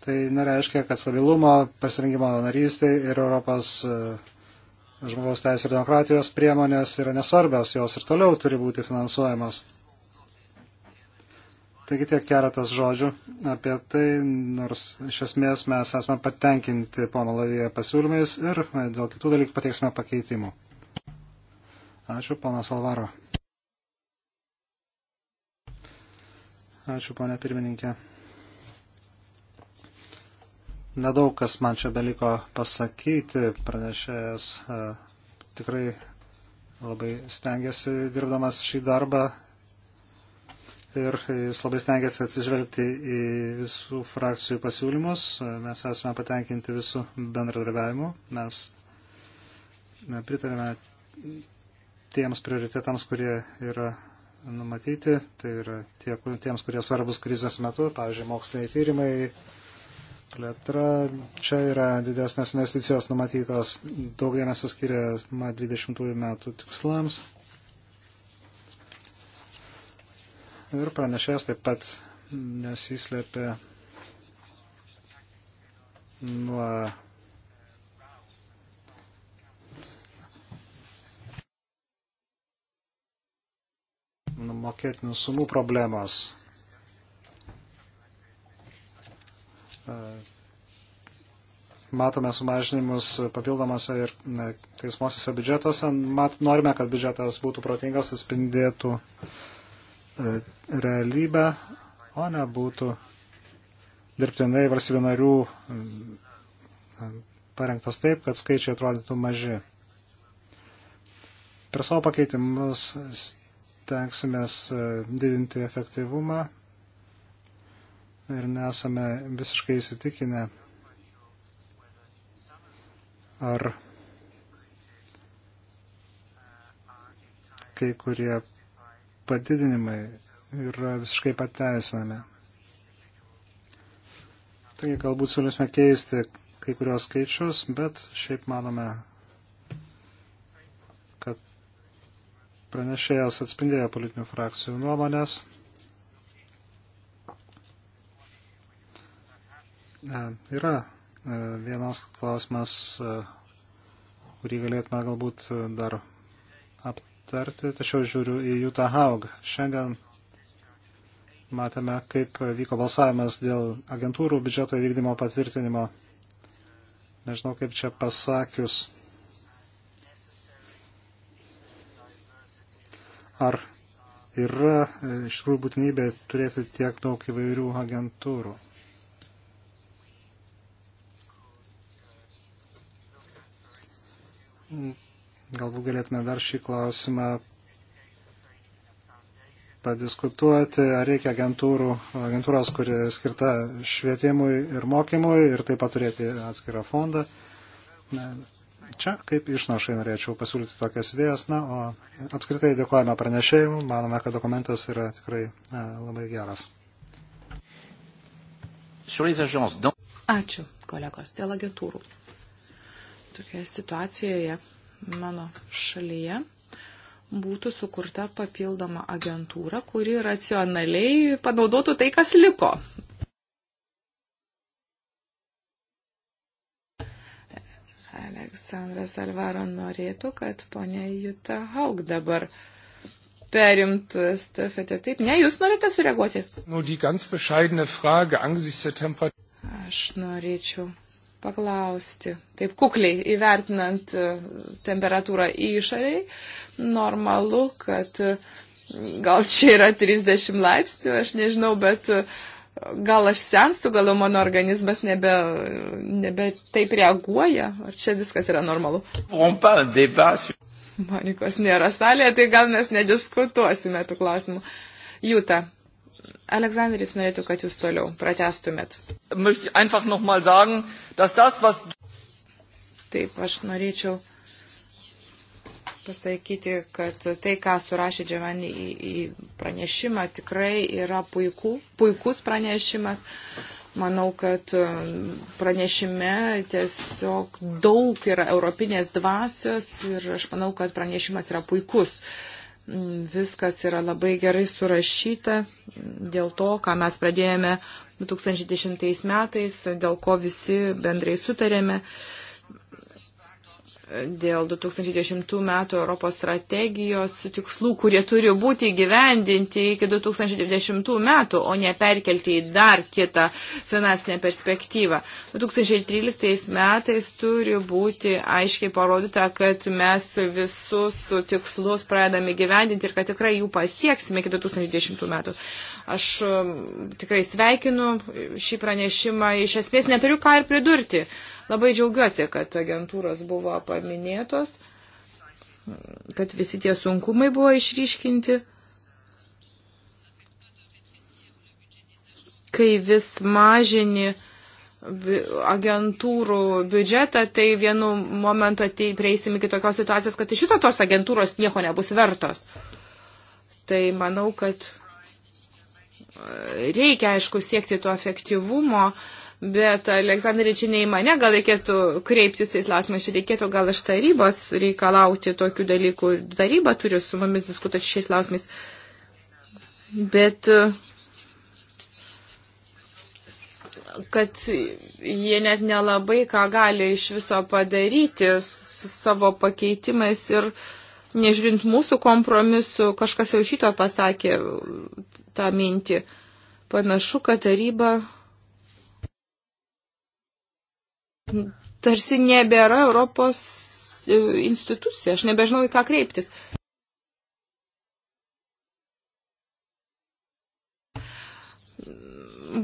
Tai nereiškia, kad stabilumo, pasirinkimo narystė ir Europos e, žmogaus teisų ir demokratijos priemonės yra nesvarbios, jos ir toliau turi būti finansuojamos. Taigi tiek keletas žodžių apie tai, nors iš esmės mes esame patenkinti pono Lavėje pasiūlymais ir e, dėl kitų dalykų pateiksime pakeitimų. Ačiū, ponas Alvaro. Ačiū, ponė pirmininkė. Nedaug kas man čia beliko pasakyti, pranešėjas e, tikrai labai stengiasi dirbdamas šį darbą ir jis labai stengiasi atsižvelgti į visų frakcijų pasiūlymus. E, mes esame patenkinti visų bendradarbiavimu. Mes e, pritarėme tiems prioritetams, kurie yra numatyti. Tai yra tie, tiems, kurie svarbus krizės metu, pavyzdžiui, moksliniai tyrimai plėtra. Čia yra didesnės investicijos numatytos, daug dėmesio skiriama 20 metų tikslams. Ir pranešėjas taip pat nesislėpė nuo mokėtinių sumų problemos. matome sumažinimus papildomose ir teismuosiuose biudžetuose. Mat, norime, kad biudžetas būtų protingas, atspindėtų e, realybę, o ne būtų dirbtinai valstybių narių parengtas taip, kad skaičiai atrodytų maži. Per savo pakeitimus stengsimės e, didinti efektyvumą ir nesame visiškai įsitikinę, ar kai kurie padidinimai yra visiškai pateisinami. Taigi galbūt siūlysime keisti kai kurios skaičius, bet šiaip manome, kad pranešėjas atspindėjo politinių frakcijų nuomonės. Yra vienas klausimas, e, kurį galėtume galbūt dar aptarti, tačiau žiūriu į Jutą Haug. Šiandien matėme, kaip vyko balsavimas dėl agentūrų biudžeto įvykdymo patvirtinimo. Nežinau, kaip čia pasakius. Ar yra e, iš tikrųjų būtinybė turėti tiek daug įvairių agentūrų? Galbūt galėtume dar šį klausimą padiskutuoti, ar reikia agentūrų, agentūros, kuri skirta švietimui ir mokymui ir taip pat turėti atskirą fondą. Čia kaip išnašai norėčiau pasiūlyti tokias idėjas. Na, o apskritai dėkojame pranešėjimui, manome, kad dokumentas yra tikrai na, labai geras. Ačiū, kolegos, dėl agentūrų tokioje situacijoje mano šalyje būtų sukurta papildoma agentūra, kuri racionaliai panaudotų tai, kas liko. Aleksandras Alvaro norėtų, kad ponė Juta Haug dabar perimtų estafetę. Taip, ne, jūs norite sureaguoti? Aš norėčiau paklausti, taip kukliai įvertinant e, temperatūrą išoriai, normalu, kad e, gal čia yra 30 laipsnių, aš nežinau, bet e, gal aš senstu, gal mano organizmas nebe, nebe taip reaguoja, ar čia viskas yra normalu. Monikos nėra salėje, tai gal mes nediskutuosime tų klausimų. Jūta, Aleksandris norėtų, kad jūs toliau pratestumėt. Taip, aš norėčiau pasakyti, kad tai, ką surašė Džiavani į, į pranešimą, tikrai yra puiku, puikus pranešimas. Manau, kad um, pranešime tiesiog daug yra europinės dvasios ir aš manau, kad pranešimas yra puikus. Uh, viskas yra labai gerai surašyta dėl to, ką mes pradėjome 2010 metais, dėl ko visi bendrai sutarėme. Uh, dėl 2010 metų Europos strategijos tikslų, kurie turi būti įgyvendinti iki 2020 metų, o ne perkelti į dar kitą finansinę perspektyvą. 2013 metais turi būti aiškiai parodyta, kad mes visus tikslus pradedame įgyvendinti ir kad tikrai jų pasieksime iki 2020 metų. Aš um, tikrai sveikinu šį pranešimą, iš esmės neturiu ką ir pridurti. Labai džiaugiuosi, kad agentūros buvo paminėtos, kad visi tie sunkumai buvo išryškinti. Kai vis mažini agentūrų biudžetą, tai vienu momentu prieisim iki tokios situacijos, kad iš viso tos agentūros nieko nebus vertos. Tai manau, kad e, reikia, aišku, siekti to efektyvumo, uh, Bet, Aleksandrė, čia ne į mane gal reikėtų kreiptis tais klausimais, čia reikėtų gal iš tarybos reikalauti tokių dalykų. Taryba turi su mumis diskutuoti šiais klausimais. Bet, kad jie net nelabai ką gali iš viso padaryti su savo pakeitimais ir nežiūrint mūsų kompromisu, kažkas jau šito pasakė tą mintį. Panašu, kad taryba tarsi nebėra Europos e, institucija, aš nebežinau į ką kreiptis.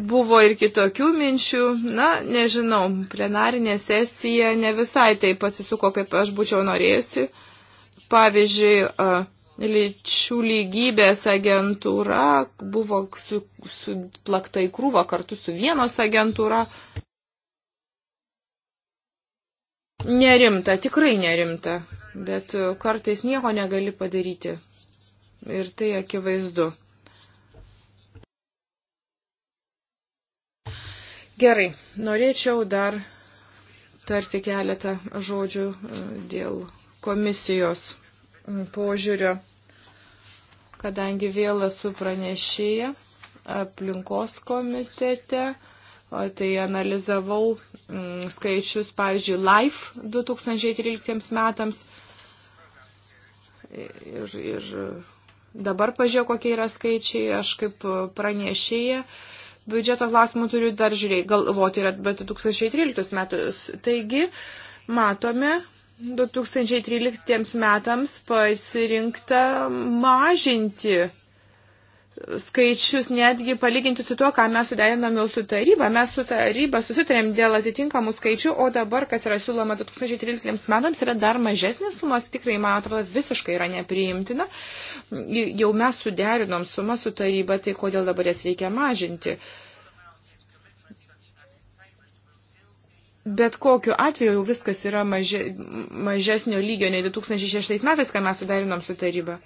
Buvo ir kitokių minčių, na, nežinau, plenarinė sesija ne visai tai pasisuko, kaip aš būčiau norėjusi. Pavyzdžiui, lyčių lygybės agentūra buvo suplakta su, su į krūvą kartu su vienos agentūra. Uh, Nerimta, tikrai nerimta, bet e, kartais nieko negali padaryti. Ir tai akivaizdu. Gerai, norėčiau dar tarti keletą žodžių e, dėl komisijos požiūrio, kadangi vėl esu pranešėja aplinkos komitete tai analizavau mm, skaičius, pavyzdžiui, LIFE 2013 metams. Ir, ir dabar pažiūrėjau, kokie yra skaičiai, aš kaip pranešėja biudžeto klausimų turiu dar žiūrėti, galvoti ir apie 2013 metus. Taigi, matome, 2013 metams pasirinkta mažinti skaičius netgi palyginti su tuo, ką mes suderinom jau su taryba. Mes su taryba susitarėm dėl atitinkamų skaičių, o dabar, kas yra siūloma 2013 metams, yra dar mažesnės sumas, tikrai, man atrodo, visiškai yra nepriimtina. Jau mes suderinom sumą su taryba, tai kodėl dabar jas reikia mažinti. Bet kokiu atveju jau viskas yra maže, mažesnio lygio nei 2006 metais, kai mes sudarinom su taryba.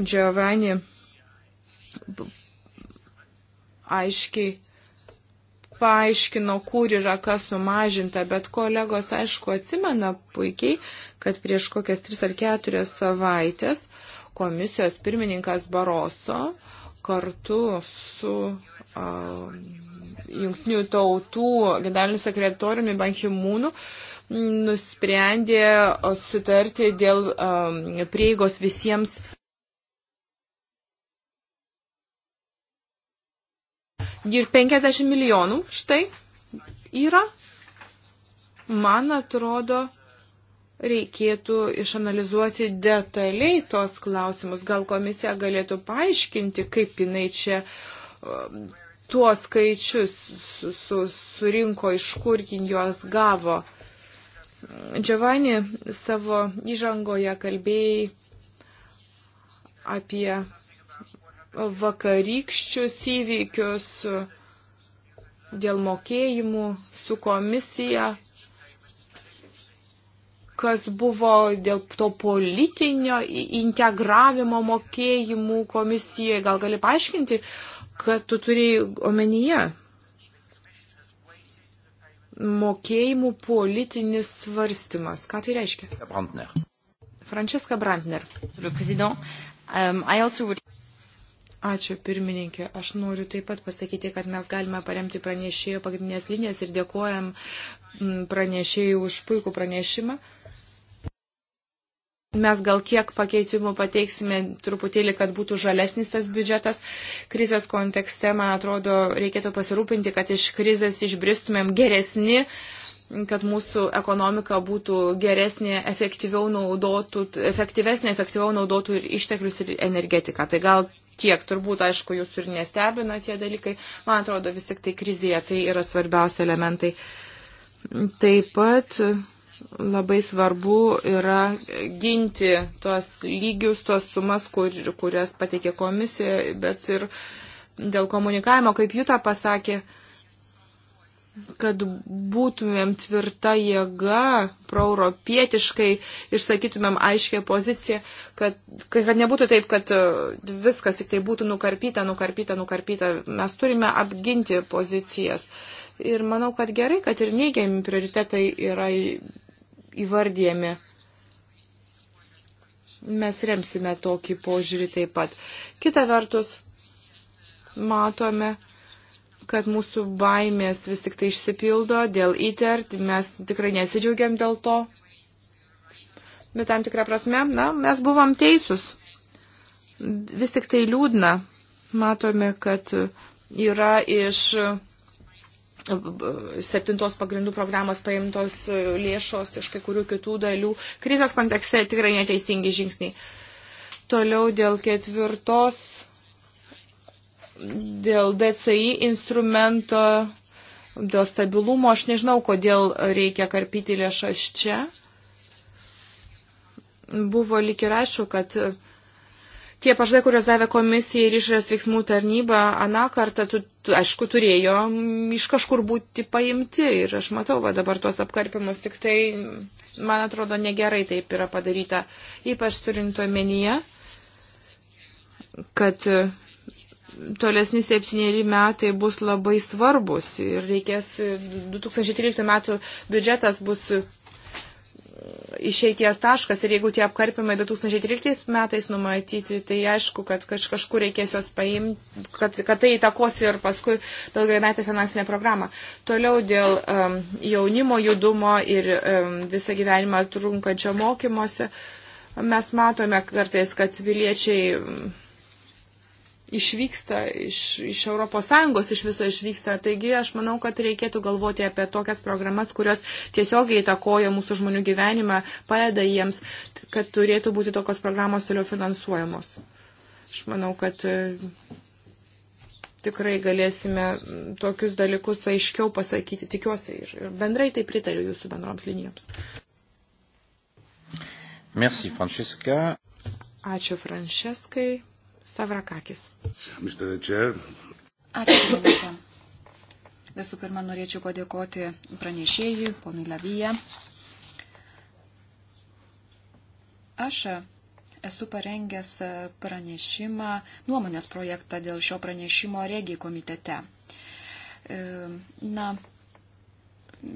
Giovanni aiškiai paaiškino, kur yra kas sumažinta, bet kolegos, aišku, atsimena puikiai, kad prieš kokias tris ar keturias savaitės komisijos pirmininkas Baroso kartu su a, um, jungtinių tautų generaliniu sekretoriumi Banhimūnu nusprendė sutarti dėl a, um, prieigos visiems Ir 50 milijonų štai yra. Man atrodo, reikėtų išanalizuoti detaliai tos klausimus. Gal komisija galėtų paaiškinti, kaip jinai čia um, tuos skaičius su, su, surinko, iš kur jin juos gavo. Giovanni savo įžangoje kalbėjai apie vakarykščius įvykius dėl mokėjimų su komisija, kas buvo dėl to politinio integravimo mokėjimų komisijai. Gal gali paaiškinti, kad tu turėjai omenyje mokėjimų politinis svarstymas. Ką tai reiškia? Brandner. Francesca Brandner. Le président, um, I also would... Ačiū pirmininkė. Aš noriu taip pat pasakyti, kad mes galime paremti pranešėjo pagrindinės linijas ir dėkojam mm, pranešėjai už puikų pranešimą. Mes gal kiek pakeitimų pateiksime truputėlį, kad būtų žalesnis tas biudžetas. Krizės kontekste, man atrodo, reikėtų pasirūpinti, kad iš krizės išbristumėm geresni kad mūsų ekonomika būtų geresnė, efektyviau naudotų, efektyvesnė, efektyviau naudotų ir išteklius ir energetiką. Tai gal tiek. Turbūt, aišku, jūs ir nestebina tie dalykai. Man atrodo, vis tik tai krizėje tai yra svarbiausi elementai. Taip pat labai svarbu yra ginti tuos lygius, tuos sumas, kur, kurias pateikė komisija, bet ir dėl komunikavimo, kaip Jūta pasakė, uh, kad būtumėm tvirta jėga, proeuropietiškai išsakytumėm aiškę poziciją, kad, kad nebūtų taip, kad e, viskas tik tai būtų nukarpyta, nukarpyta, nukarpyta. Mes turime apginti pozicijas. Ir manau, kad gerai, kad ir neigiami prioritetai yra įvardyjami. Mes remsime tokį požiūrį taip pat. Kita vertus, matome, kad mūsų baimės vis tik tai išsipildo dėl ITER, mes tikrai nesidžiaugiam dėl to. Bet tam tikrą prasme, na, mes buvom teisūs. Vis tik tai liūdna. Matome, kad yra iš e, septintos pagrindų programos paimtos e, lėšos iš kai kurių kitų dalių. Krizės kontekste tikrai neteisingi žingsniai. Toliau dėl ketvirtos dėl DCI instrumento, dėl stabilumo, aš nežinau, kodėl reikia karpyti lėšas čia. Buvo lik ir aišku, kad tie pažadai, kuriuos davė komisija ir išorės veiksmų tarnyba, aną kartą, tu, tu, aišku, turėjo iš kažkur būti paimti. Ir aš matau, va dabar tuos apkarpimus tik tai, man atrodo, negerai taip yra padaryta. Ypač turint omenyje, kad tolesni septyneri metai bus labai svarbus ir reikės 2013 metų biudžetas bus išeities taškas ir jeigu tie apkarpimai 2013 metais numatyti, tai aišku, kad kaž, kažkur reikės jos paimti, kad, kad tai įtakos ir paskui daugiau metę finansinę programą. Toliau dėl um, jaunimo judumo ir um, visą gyvenimą trunkančio mokymosi mes matome kartais, kad viliečiai. Um, išvyksta iš, iš ES, iš viso išvyksta. Taigi aš manau, kad reikėtų galvoti apie tokias programas, kurios tiesiogiai įtakoja mūsų žmonių gyvenimą, padeda jiems, kad turėtų būti tokios programos toliau finansuojamos. Aš manau, kad e, tikrai galėsime tokius dalykus aiškiau pasakyti, tikiuosi ir, ir bendrai tai pritariu jūsų bendroms linijoms. Merci, Frančiska. Ačiū Frančiskai. Savrakakis. Ačiū, pirmininkė. Visų pirma, norėčiau padėkoti pranešėjui, ponui Lavyje. Aš esu parengęs pranešimą, nuomonės projektą dėl šio pranešimo regijai komitete. E, na,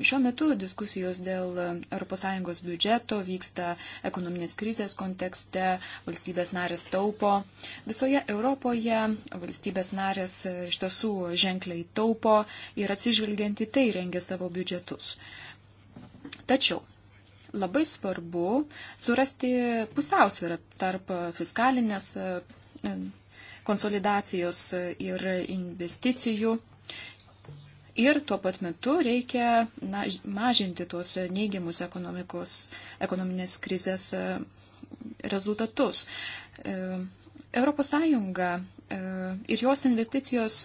Šiuo metu diskusijos dėl ES biudžeto vyksta ekonominės krizės kontekste, valstybės narės taupo. Visoje Europoje valstybės narės iš tiesų ženkliai taupo ir atsižvelgiant į tai rengia savo biudžetus. Tačiau labai svarbu surasti pusiausvyrą tarp fiskalinės e, konsolidacijos ir investicijų ir tuo pat metu reikia na, mažinti tuos neigiamus ekonominės krizės e, rezultatus. E, Europos Sąjunga e, ir jos investicijos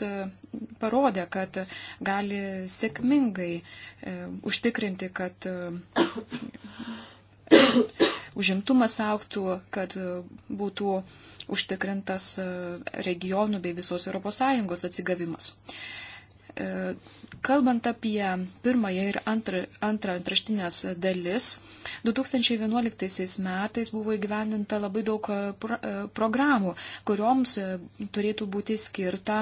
parodė, kad gali sėkmingai užtikrinti, kad užimtumas auktų, kad būtų užtikrintas regionų bei visos ES atsigavimas. E, kalbant apie pirmąją ir antrą, antrą antraštinės dalis, 2011 metais buvo įgyvendinta labai daug e, pro, e, programų, kurioms turėtų būti skirta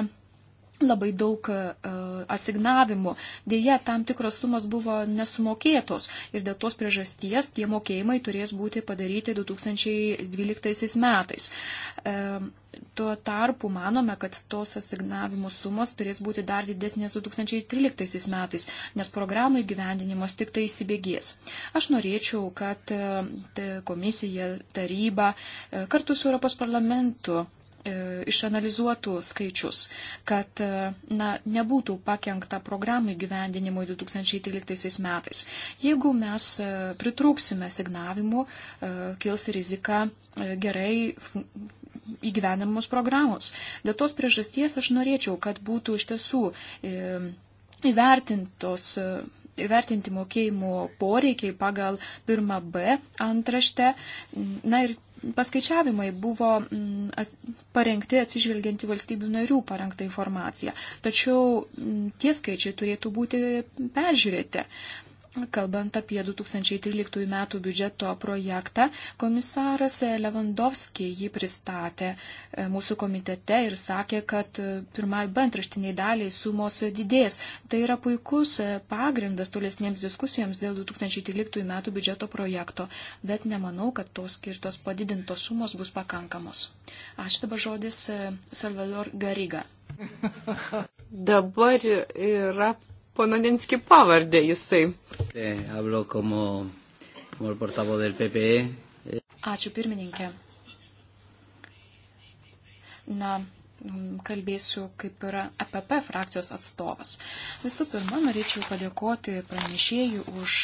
labai daug e, asignavimų. Dėja, tam tikros sumos buvo nesumokėtos ir dėl tos priežasties tie mokėjimai turės būti padaryti 2012 metais. E, tuo tarpu manome, kad tos asignavimų sumos turės būti dar didesnės 2013 metais, nes programų įgyvendinimas tik tai įsibėgės. Aš norėčiau, kad e, komisija, taryba kartu su Europos parlamentu E, išanalizuotų skaičius, kad e, na, nebūtų pakengta programų įgyvendinimui 2013 metais. Jeigu mes e, pritrūksime signavimų, kils rizika gerai įgyvenamos programos. Dėl tos priežasties aš norėčiau, kad būtų iš tiesų įvertintos įvertinti mokėjimo poreikiai pagal pirmą B antraštę. Na ir paskaičiavimai buvo mm, parengti atsižvelgianti valstybių narių parengtą informaciją. Tačiau mm, tie skaičiai turėtų būti peržiūrėti. Kalbant apie 2013 metų biudžeto projektą, komisaras Levandovski jį pristatė e, mūsų komitete ir sakė, kad e, pirmai bantraštiniai daliai sumos didės. Tai yra puikus e, pagrindas tolesniems diskusijoms dėl 2013 metų biudžeto projekto, bet nemanau, kad tos skirtos padidintos sumos bus pakankamos. Aš dabar žodis Salvador Gariga. Dabar yra pono Nenski pavardę jisai. E. Ačiū pirmininkė. Na, kalbėsiu kaip yra APP frakcijos atstovas. Visų pirma, norėčiau padėkoti pranešėjų už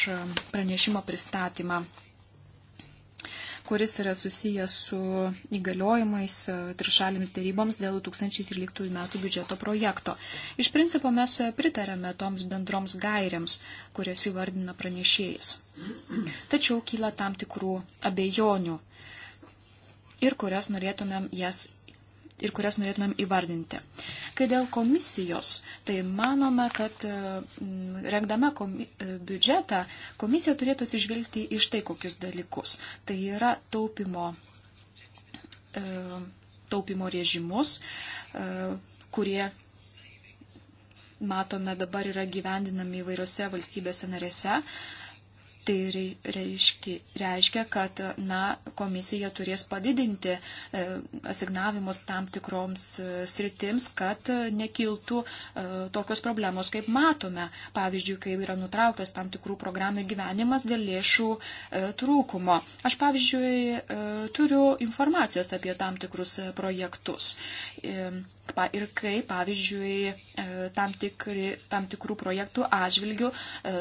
pranešimo pristatymą kuris yra susijęs su įgaliojimais e, trišalėms dėryboms dėl 2013 metų biudžeto projekto. Iš principo mes pritarėme toms bendroms gairiams, kurias įvardina pranešėjas. Tačiau kyla tam tikrų abejonių ir kurias norėtumėm jas ir kurias norėtumėm įvardinti. Kai dėl komisijos, tai manome, kad e, rengdama komi e, biudžetą komisija turėtų atsižvelgti iš tai kokius dalykus. Tai yra taupimo, e, taupimo režimus, kurie matome dabar yra gyvendinami įvairiose valstybėse narėse. Tai reiškia, reiškia kad na, komisija turės padidinti e, asignavimus tam tikroms e, sritims, kad nekiltų e, tokios problemos, kaip matome. Pavyzdžiui, kai yra nutrauktas tam tikrų programų gyvenimas dėl lėšų trūkumo. Aš, pavyzdžiui, turiu informacijos apie tam tikrus projektus ir kai, pavyzdžiui, e, tam, tikri, tam tikrų projektų atžvilgių e,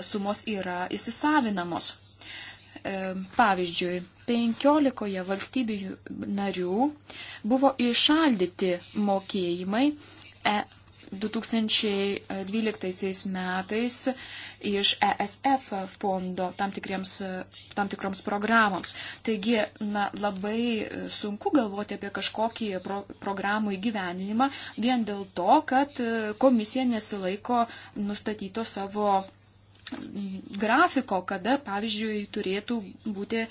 sumos yra įsisavinamos. E, pavyzdžiui, 15 valstybių narių buvo išaldyti mokėjimai 2012 metais iš ESF fondo tam, tikriems, tam tikroms programoms. Taigi, na, labai sunku galvoti apie kažkokį pro, programų įgyveninimą vien dėl to, kad komisija nesilaiko nustatyto savo grafiko, kada, pavyzdžiui, turėtų būti e,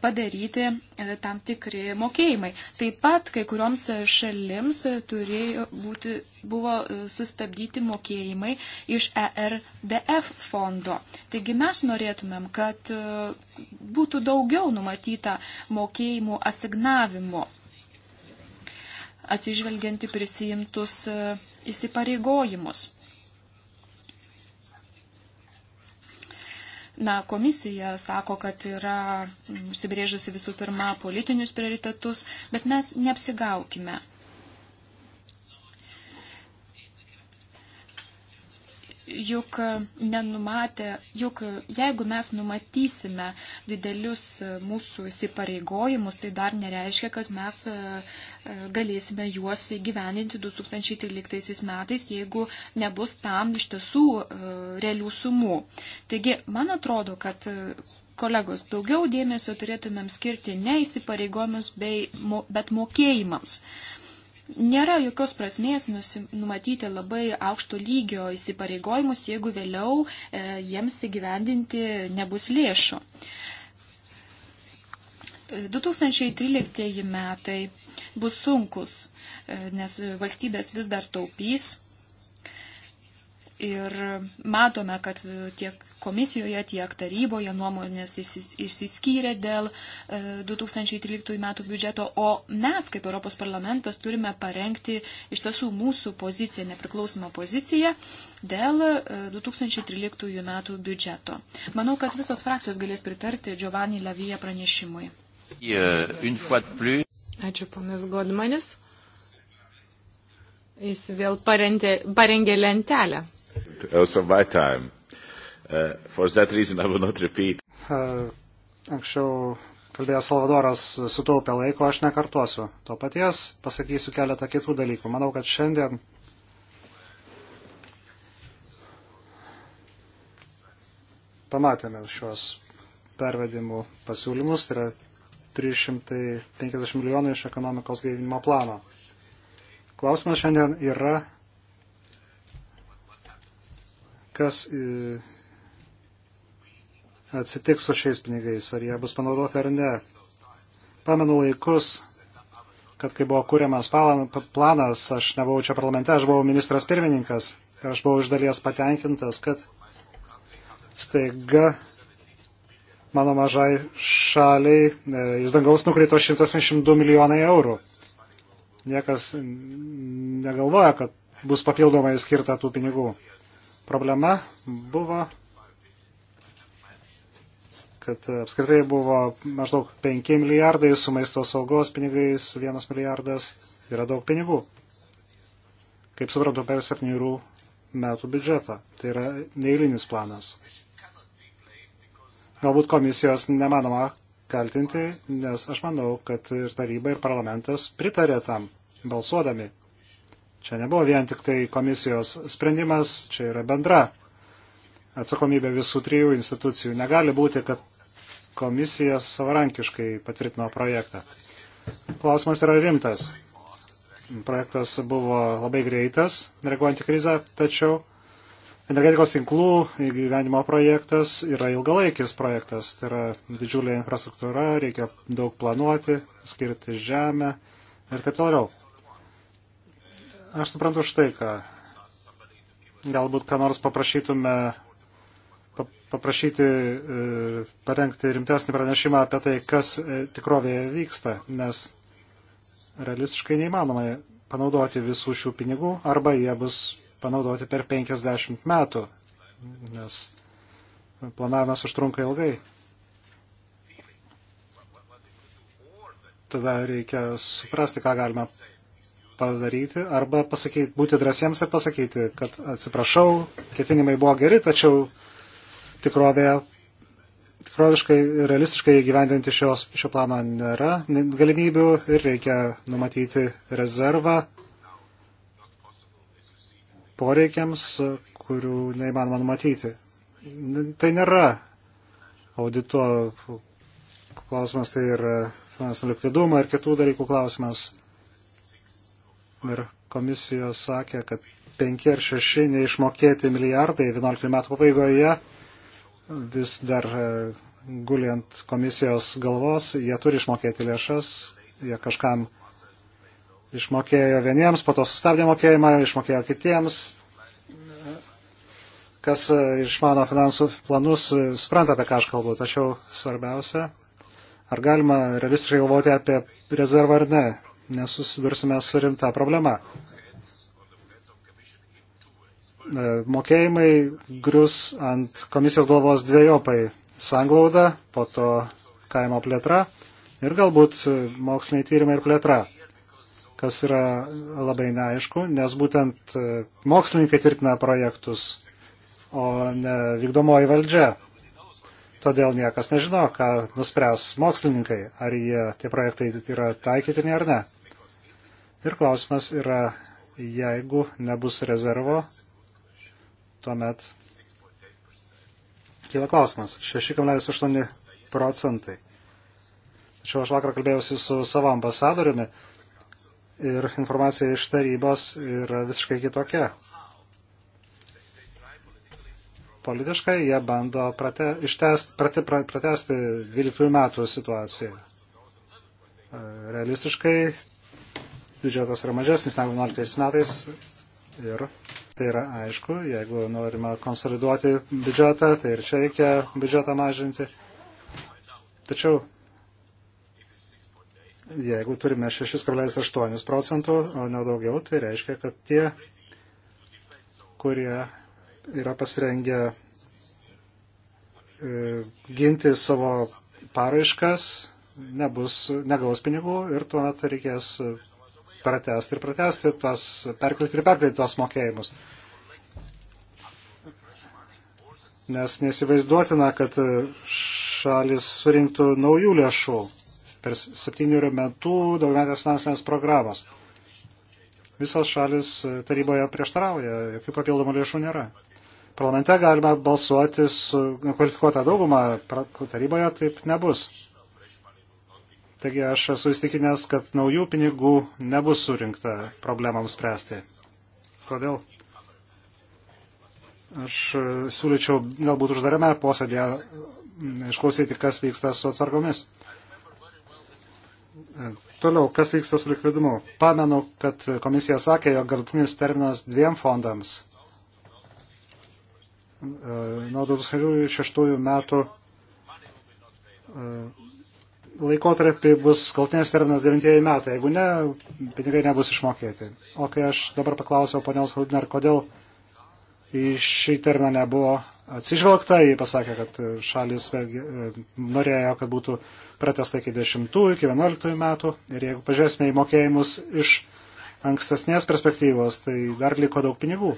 padaryti e, tam tikri mokėjimai. Taip pat kai kurioms šalims turėjo būti, buvo e, sustabdyti mokėjimai iš ERDF fondo. Taigi mes norėtumėm, kad būtų daugiau numatyta mokėjimų asignavimo atsižvelgianti prisijimtus įsipareigojimus. Na, komisija sako, kad yra užsibrėžusi visų pirma politinius prioritetus, bet mes neapsigaukime. juk e, nenumatė, juk e, jeigu mes numatysime didelius e, mūsų įsipareigojimus, tai dar nereiškia, kad mes galėsime juos gyveninti 2013 metais, jeigu nebus tam iš tiesų realių sumų. Taigi, man atrodo, kad kolegos, daugiau dėmesio turėtumėm skirti ne įsipareigojimus, bet mokėjimams. Uh, Nėra jokios prasmės numatyti labai aukšto lygio įsipareigojimus, jeigu vėliau e, jiems įgyvendinti nebus lėšų. 2013 e, metai bus sunkus, e, nes valstybės vis dar taupys Ir matome, kad tiek komisijoje, tiek taryboje nuomonės išsiskyrė dėl 2013 e, metų biudžeto, o mes kaip Europos parlamentas turime parengti iš tiesų mūsų poziciją, nepriklausomą poziciją dėl 2013 e, metų biudžeto. Manau, kad visos frakcijos galės pritarti Giovanni Lavija pranešimui. Ačiū, ponas Godmanis. Jis vėl parengė, parengė lentelę. Uh, uh, anksčiau kalbėjęs Salvadoras sutaupė laiko, aš nekartosiu to paties, pasakysiu keletą kitų dalykų. Manau, kad šiandien pamatėme šios pervedimų pasiūlymus, tai yra 350 milijonų iš ekonomikos gaivinimo plano. Klausimas šiandien yra, kas e, atsitiks su šiais pinigais, ar jie bus panaudoti ar ne. Pamenu laikus, kad kai buvo kūriamas planas, aš nebuvau čia parlamente, aš buvau ministras pirmininkas ir aš buvau iš dalies patenkintas, kad staiga mano mažai šaliai e, iš dangaus nukrito 122 milijonai eurų niekas negalvoja, kad bus papildomai skirta tų pinigų. Problema buvo, kad apskritai buvo maždaug 5 milijardai su maisto saugos pinigais, 1 milijardas yra daug pinigų. Kaip suprantu, per 7 metų biudžetą. Tai yra neįlinis planas. Galbūt komisijos nemanoma, kaltinti, nes aš manau, kad ir taryba, ir parlamentas pritarė tam balsuodami. Čia nebuvo vien tik tai komisijos sprendimas, čia yra bendra atsakomybė visų trijų institucijų. Negali būti, kad komisija savarankiškai patvirtino projektą. Klausimas yra rimtas. Projektas buvo labai greitas, reaguojant į krizę, tačiau Energetikos tinklų įgyvenimo projektas yra ilgalaikis projektas, tai yra didžiulė infrastruktūra, reikia daug planuoti, skirti žemę ir taip toliau. Aš suprantu štai ką. Galbūt ką nors paprašytume, paprašyti e, parengti rimtesnį pranešimą apie tai, kas e, tikrovėje vyksta, nes realistiškai neįmanoma panaudoti visų šių pinigų arba jie bus panaudoti per 50 metų, nes planavimas užtrunka ilgai. Tada reikia suprasti, ką galima padaryti, arba pasakyti, būti drąsiems ir pasakyti, kad atsiprašau, ketinimai buvo geri, tačiau tikrovėje, tikroviškai, realistiškai gyvendinti šios, šio plano nėra galimybių ir reikia numatyti rezervą poreikiams, kurių neįmanoma numatyti. Tai nėra audito klausimas, tai yra finansinio likvidumo ir kitų dalykų klausimas. Ir komisija sakė, kad 5 ar 6 neišmokėti milijardai 11 metų pabaigoje vis dar e, guliant komisijos galvos, jie turi išmokėti lėšas, jie kažkam išmokėjo vieniems, po to sustabdė mokėjimą, išmokėjo kitiems. Kas e, išmano finansų planus, e, supranta, apie ką aš kalbu. Tačiau svarbiausia, ar galima realistiškai galvoti apie rezervą ar ne, nesusidursime su rimta problema. E, mokėjimai grius ant komisijos galvos dviejopai - sanglauda, po to kaimo plėtra ir galbūt moksliniai tyrimai ir plėtra kas yra labai neaišku, nes būtent e, mokslininkai tvirtina projektus, o ne vykdomoji valdžia. Todėl niekas nežino, ką nuspręs mokslininkai, ar jie tie projektai yra taikytini ar ne. Ir klausimas yra, jeigu nebus rezervo, tuomet kyla klausimas. 6,8 procentai. Tačiau aš vakar kalbėjausi su savo ambasadoriumi ir informacija iš tarybos yra visiškai kitokia. Politiškai jie bando prate, ištest, prate, pratesti 12 metų situaciją. E, realistiškai biudžetas yra mažesnis negu 11 metais ir tai yra aišku, jeigu norima konsoliduoti biudžetą, tai ir čia reikia biudžetą mažinti. Tačiau Jeigu turime 6,8 procentų, o ne daugiau, tai reiškia, kad tie, kurie yra pasirengę e, ginti savo paraiškas, nebus, negaus pinigų ir tuomet reikės pratesti ir pratesti tas, perkelti ir perkelti tuos mokėjimus. Nes nesivaizduotina, kad šalis surinktų naujų lėšų per septynių metų daugiametės finansinės programos. Visos šalis e, taryboje prieštarauja, jokių papildomų lėšų nėra. Parlamente galima balsuoti su kvalifikuota dauguma, taryboje taip nebus. Taigi aš esu įstikinęs, kad naujų pinigų nebus surinkta problemams spręsti. Kodėl? Aš e, siūlyčiau galbūt uždarame posėdėje išklausyti, kas vyksta su atsargomis. Toliau, kas vyksta su likvidumu? Pamenu, kad komisija sakė, jog galtinis terminas dviem fondams e, nuo 2006 metų e, laikotarpį bus galtinės terminas 9 metai. Jeigu ne, pinigai nebus išmokėti. O kai aš dabar paklausiau ponios Rudner, kodėl į šį terminą nebuvo atsižvelgta. Jie pasakė, kad šalis e, norėjo, kad būtų pratesta iki 10, iki 11 metų. Ir jeigu pažiūrėsime į mokėjimus iš ankstesnės perspektyvos, tai dar liko daug pinigų.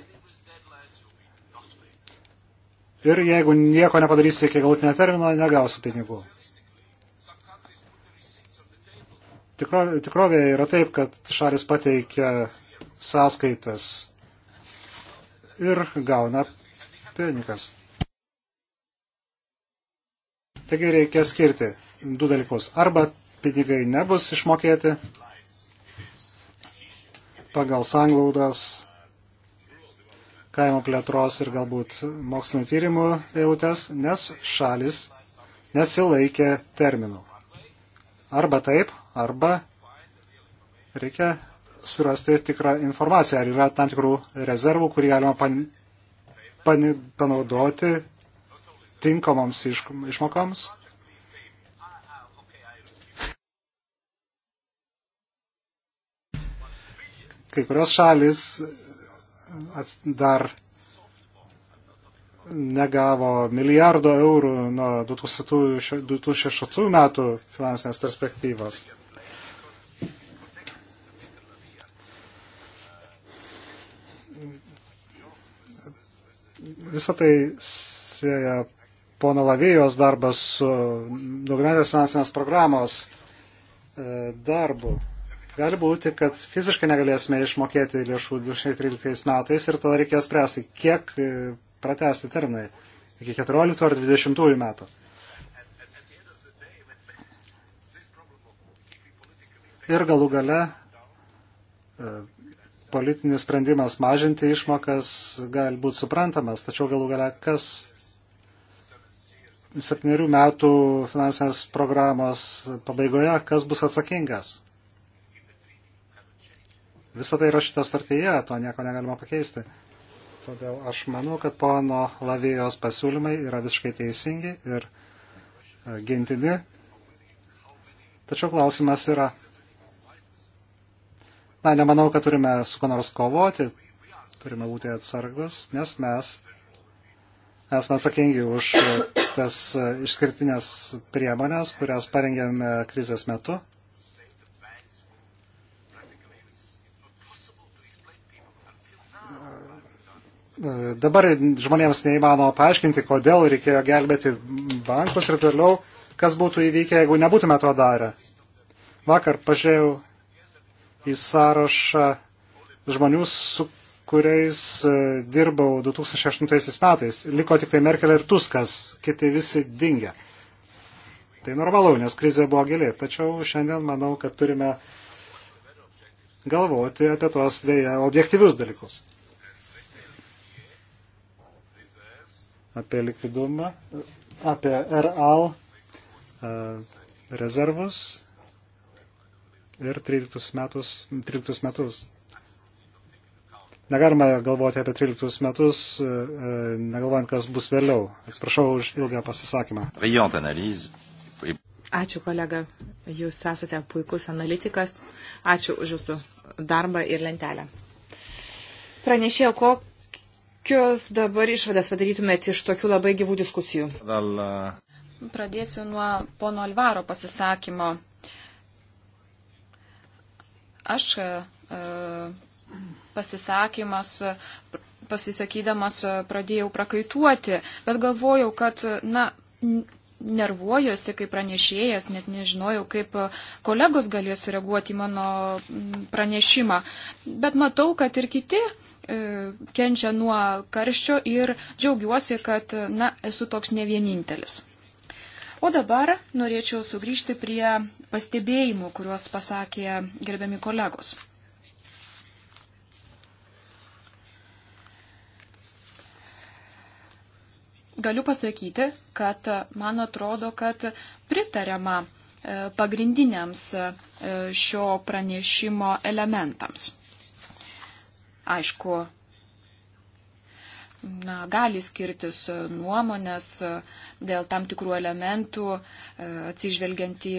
Ir jeigu nieko nepadarysi iki galutinio termino, negausi pinigų. Tikro, tikrovėje yra taip, kad šalis pateikia sąskaitas ir gauna pinigas. Taigi reikia skirti du dalykus. Arba pinigai nebus išmokėti pagal sanglaudos kaimo plėtros ir galbūt mokslinio tyrimų eilutes, nes šalis nesilaikė terminų. Arba taip, arba reikia surasti tikrą informaciją, ar yra tam tikrų rezervų, kurį galima pan, pan, panaudoti tinkamoms iš, išmokoms. Kai kurios šalis dar negavo milijardo eurų nuo 2006 metų finansinės perspektyvos. Visą tai sieja pono Lavėjos darbas su daugiametės finansinės programos e, darbu. Gali būti, kad fiziškai negalėsime išmokėti lėšų 2013 metais ir tada reikės spręsti, kiek e, pratesti terminai iki 14 ar 20 metų. Ir galų gale e, politinis sprendimas mažinti išmokas gali būti suprantamas, tačiau galų gale kas septyniarių metų finansinės programos pabaigoje, kas bus atsakingas. Visą tai yra šita startyje, to nieko negalima pakeisti. Todėl aš manau, kad pono Lavėjos pasiūlymai yra visiškai teisingi ir gintini. Tačiau klausimas yra, Na, nemanau, kad turime su kuo nors kovoti, turime būti atsargus, nes mes esame atsakingi už tas išskirtinės priemonės, kurias parengėme krizės metu. Dabar žmonėms neįmanoma paaiškinti, kodėl reikėjo gelbėti bankus ir toliau, kas būtų įvykę, jeigu nebūtume to darę. Vakar pažiūrėjau į sąrašą žmonių, su kuriais e, dirbau 2008 metais. Liko tik tai Merkel ir Tuskas, kiti visi dingę. Tai normalu, nes krizė buvo gili. Tačiau šiandien manau, kad turime galvoti apie tuos dėja objektyvius dalykus. Apie likvidumą, apie RAL e, rezervus ir 13 metus. 13 metus. Negalima galvoti apie 13 metus, e, negalvojant, kas bus vėliau. Atsiprašau už ilgą pasisakymą. Ačiū, kolega. Jūs esate puikus analitikas. Ačiū už jūsų darbą ir lentelę. Pranešėjo, kokios dabar išvadas padarytumėte iš tokių labai gyvų diskusijų? Pradėsiu nuo pono Alvaro pasisakymo. Aš e, e, pasisakymas, pasisakydamas e, pradėjau prakaituoti, bet galvojau, kad, na, nervuojuosi kaip pranešėjas, net nežinojau, kaip kolegos galės sureaguoti į mano pranešimą. Bet matau, kad ir kiti kenčia nuo karščio ir džiaugiuosi, kad, na, esu toks ne vienintelis. O dabar norėčiau sugrįžti prie pastebėjimų, kuriuos pasakė gerbiami kolegos. Galiu pasakyti, kad man atrodo, kad pritariama e, pagrindiniams e, šio pranešimo elementams. Aišku, na, gali skirtis e, nuomonės e, dėl tam tikrų elementų, e, atsižvelgiant į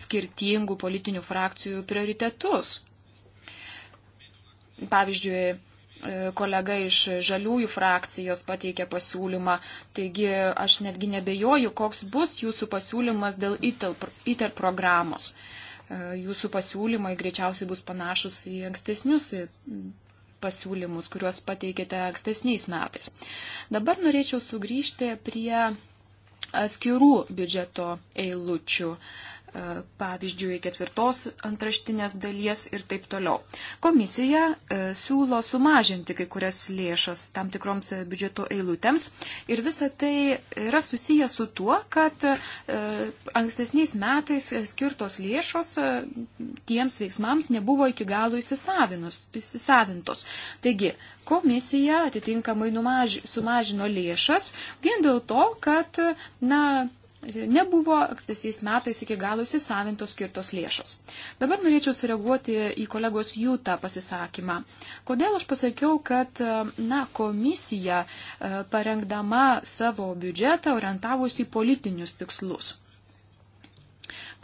skirtingų politinių frakcijų prioritetus. Pavyzdžiui, kolega iš žaliųjų frakcijos pateikė pasiūlymą, taigi aš netgi nebejoju, koks bus jūsų pasiūlymas dėl ITER programos. Jūsų pasiūlymai greičiausiai bus panašus į ankstesnius pasiūlymus, kuriuos pateikėte ankstesniais metais. Dabar norėčiau sugrįžti prie atskirų biudžeto eilučių pavyzdžiui, ketvirtos antraštinės dalies ir taip toliau. Komisija e, siūlo sumažinti kai kurias lėšas tam tikroms e, biudžeto eilutėms ir visa tai yra susiję su tuo, kad e, ankstesniais metais skirtos lėšos tiems veiksmams nebuvo iki galo įsisavintos. Taigi, komisija atitinkamai numaž, sumažino lėšas vien dėl to, kad, na, nebuvo ankstesiais metais iki galo įsisavintos skirtos lėšos. Dabar norėčiau sureaguoti į kolegos Jūtą pasisakymą. Kodėl aš pasakiau, kad na, komisija e, parengdama savo biudžetą orientavosi į politinius tikslus?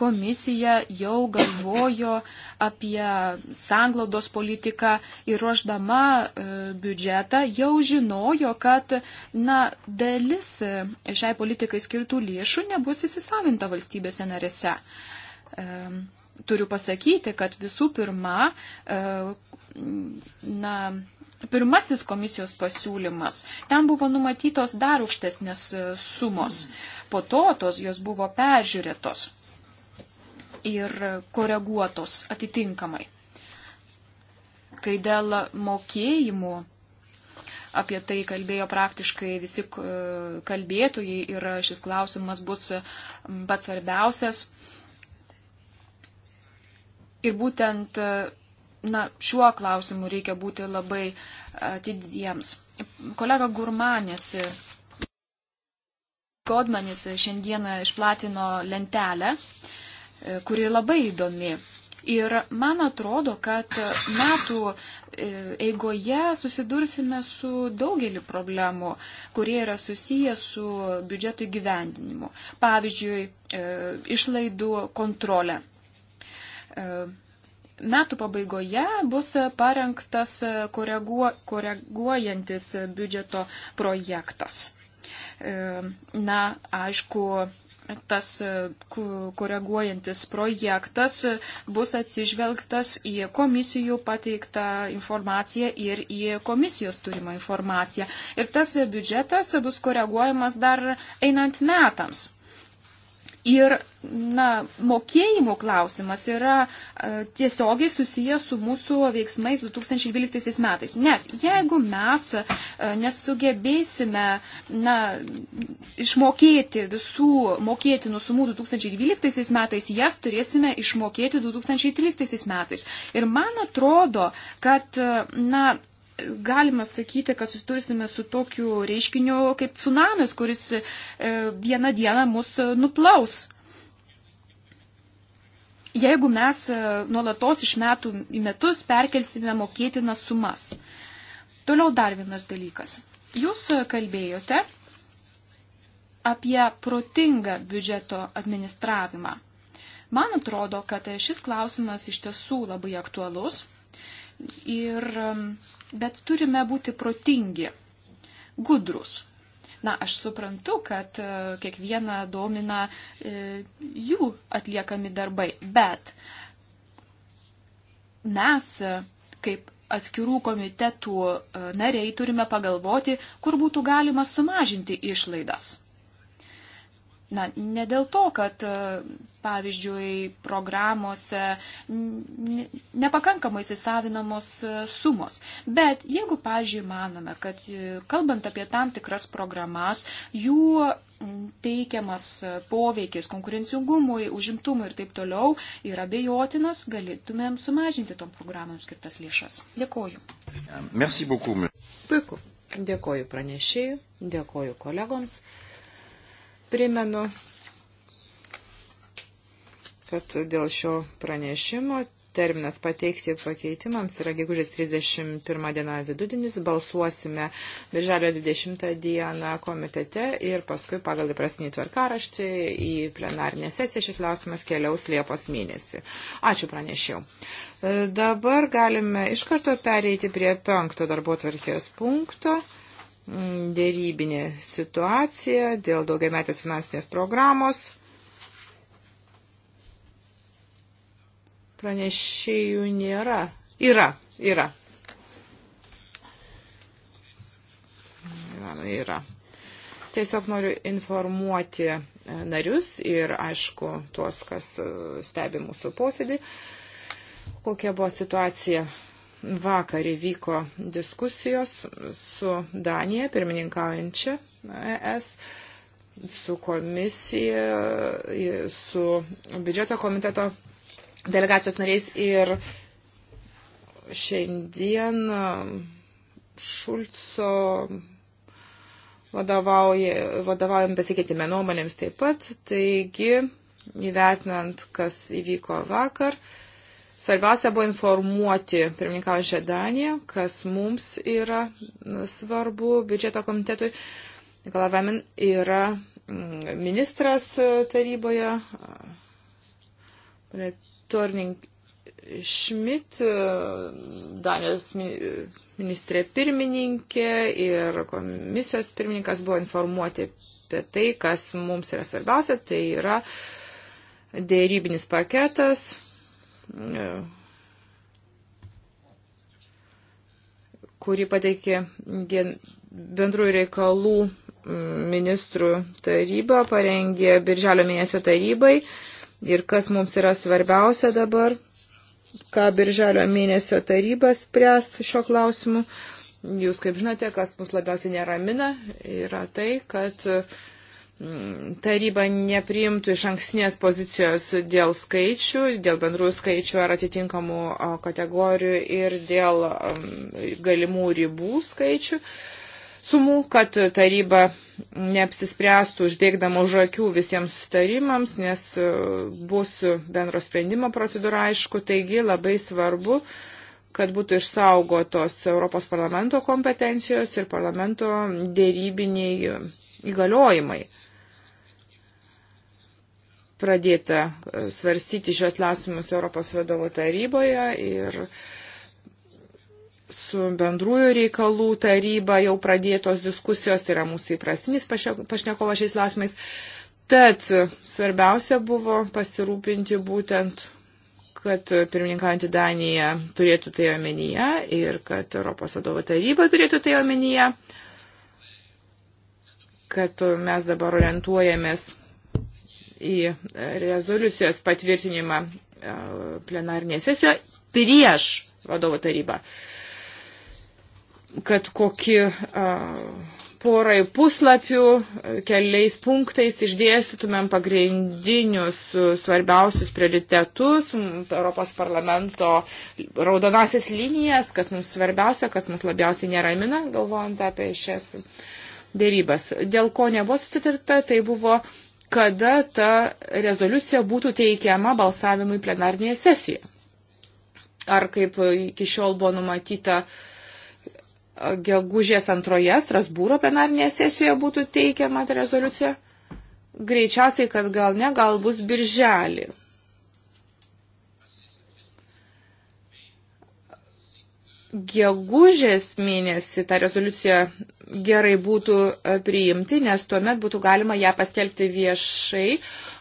komisija jau galvojo apie sanglaudos politiką ir ruoždama e, biudžetą jau žinojo, kad na, dalis e, šiai politikai skirtų lėšų nebus įsisavinta valstybėse narėse. E, turiu pasakyti, kad visų pirma, na, pirmasis komisijos pasiūlymas, ten buvo numatytos dar aukštesnės sumos. Po to tos jos buvo peržiūrėtos ir koreguotos atitinkamai. Kai dėl mokėjimų apie tai kalbėjo praktiškai visi kalbėtojai ir šis klausimas bus pats svarbiausias. Ir būtent na, šiuo klausimu reikia būti labai atidiems. Kolega Gurmanis Godmanis šiandieną išplatino lentelę E, kuri labai įdomi. Ir man atrodo, kad metų e, eigoje susidursime su daugeliu problemų, kurie yra susiję su biudžeto įgyvendinimu. Pavyzdžiui, e, išlaidų kontrolę. Metų pabaigoje bus parengtas koreguo, koreguojantis biudžeto projektas. Na, aišku, tas koreguojantis projektas bus atsižvelgtas į komisijų pateiktą informaciją ir į komisijos turimą informaciją. Ir tas biudžetas bus koreguojamas dar einant metams. Ir na, mokėjimų klausimas yra e, tiesiogiai susijęs su mūsų veiksmais 2012 metais. Nes jeigu mes e, nesugebėsime na, išmokėti visų mokėtinų sumų 2012 metais, jas turėsime išmokėti 2013 metais. Ir man atrodo, kad e, na, galima sakyti, kad susidursime su tokiu reiškiniu kaip tsunamis, kuris e, vieną dieną mus e, nuplaus. Jeigu mes e, nuolatos iš metų į metus perkelsime mokėtinas sumas. Toliau dar vienas dalykas. Jūs kalbėjote apie protingą biudžeto administravimą. Man atrodo, kad šis klausimas iš tiesų labai aktualus Ir, bet turime būti protingi, gudrus. Na, aš suprantu, kad e, kiekvieną domina e, jų atliekami darbai, bet mes e, kaip atskirų komitetų nariai turime pagalvoti, kur būtų galima sumažinti išlaidas. Na, ne dėl to, kad, e, pavyzdžiui, programuose nepakankamai įsisavinamos e, sumos, bet jeigu, pavyzdžiui, manome, kad e, kalbant apie tam tikras programas, jų teikiamas poveikis konkurencingumui, užimtumui ir taip toliau yra bejotinas, galėtumėm sumažinti tom programom skirtas lėšas. Dėkoju. Merci beaucoup. Puiku. Dėkoju pranešėjui, dėkoju kolegoms. Primenu, kad dėl šio pranešimo terminas pateikti pakeitimams yra gegužės 31 diena vidudinis, balsuosime birželio 20 dieną komitete ir paskui pagal įprasinį tvarkaraštį į plenarinę sesiją šis klausimas keliaus Liepos mėnesį. Ačiū pranešiau. Dabar galime iš karto pereiti prie penkto darbo tvarkės punkto dėrybinė situacija dėl daugiametės finansinės programos. Pranešėjų nėra. Yra, yra. Yra, yra. Tiesiog noriu informuoti e, narius ir, aišku, tuos, kas e, stebi mūsų posėdį, kokia buvo situacija Vakar įvyko diskusijos su Danija, pirmininkaujančia ES, su komisija, su biudžeto komiteto delegacijos nariais ir šiandien Šulco vadovaujant pasikeitime nuomonėms taip pat. Taigi, įvertinant, kas įvyko vakar, Svarbiausia buvo informuoti pirmininkaujančią Daniją, kas mums yra svarbu biudžeto komitetui. Nikolavemin yra mm, ministras e, taryboje. Turning Šmit, e, Danijos ministrė pirmininkė ir komisijos pirmininkas buvo informuoti apie tai, kas mums yra svarbiausia, tai yra dėrybinis paketas, E, kurį pateikė bendrųjų reikalų ministrų taryba, parengė Birželio mėnesio tarybai. Ir kas mums yra svarbiausia dabar, ką Birželio mėnesio taryba spręs šio klausimu. Jūs kaip žinote, kas mus labiausiai neramina, yra tai, kad uh, Mm, taryba nepriimtų iš anksnės pozicijos dėl skaičių, dėl bendrųjų skaičių ar atitinkamų kategorijų ir dėl mm, galimų ribų skaičių sumų, kad taryba neapsispręstų užbėgdama už akių visiems sutarimams, nes e, bus bendro sprendimo procedūra aišku, taigi labai svarbu, kad būtų išsaugotos Europos parlamento kompetencijos ir parlamento dėrybiniai įgaliojimai pradėta e, svarstyti šios klausimus Europos vadovo taryboje ir su bendrųjų reikalų taryba jau pradėtos diskusijos, tai yra mūsų įprastinis pašnekovas šiais klausimais. Tad svarbiausia buvo pasirūpinti būtent kad pirmininkaujantį Daniją turėtų tai omenyje ir kad Europos vadovo taryba turėtų tai omenyje, kad mes dabar orientuojamės į rezoliucijos patvirtinimą e, plenarnėje sesijoje prieš vadovo tarybą. Kad kokį e, porai puslapių, e, keliais punktais išdėstytumėm pagrindinius svarbiausius prioritetus, Europos parlamento raudonasis linijas, kas mums svarbiausia, kas mums labiausiai neramina, galvojant apie šias dėrybas. Dėl ko nebuvo sutarta, tai buvo kada ta rezoliucija būtų teikiama balsavimui plenarnėje sesijoje. Ar kaip iki šiol buvo numatyta gegužės antroje Strasbūro plenarnėje sesijoje būtų teikiama ta rezoliucija? Greičiausiai, kad gal ne, gal bus birželį. gegužės mėnesį tą rezoliuciją gerai būtų e, priimti, nes tuomet būtų galima ją paskelbti viešai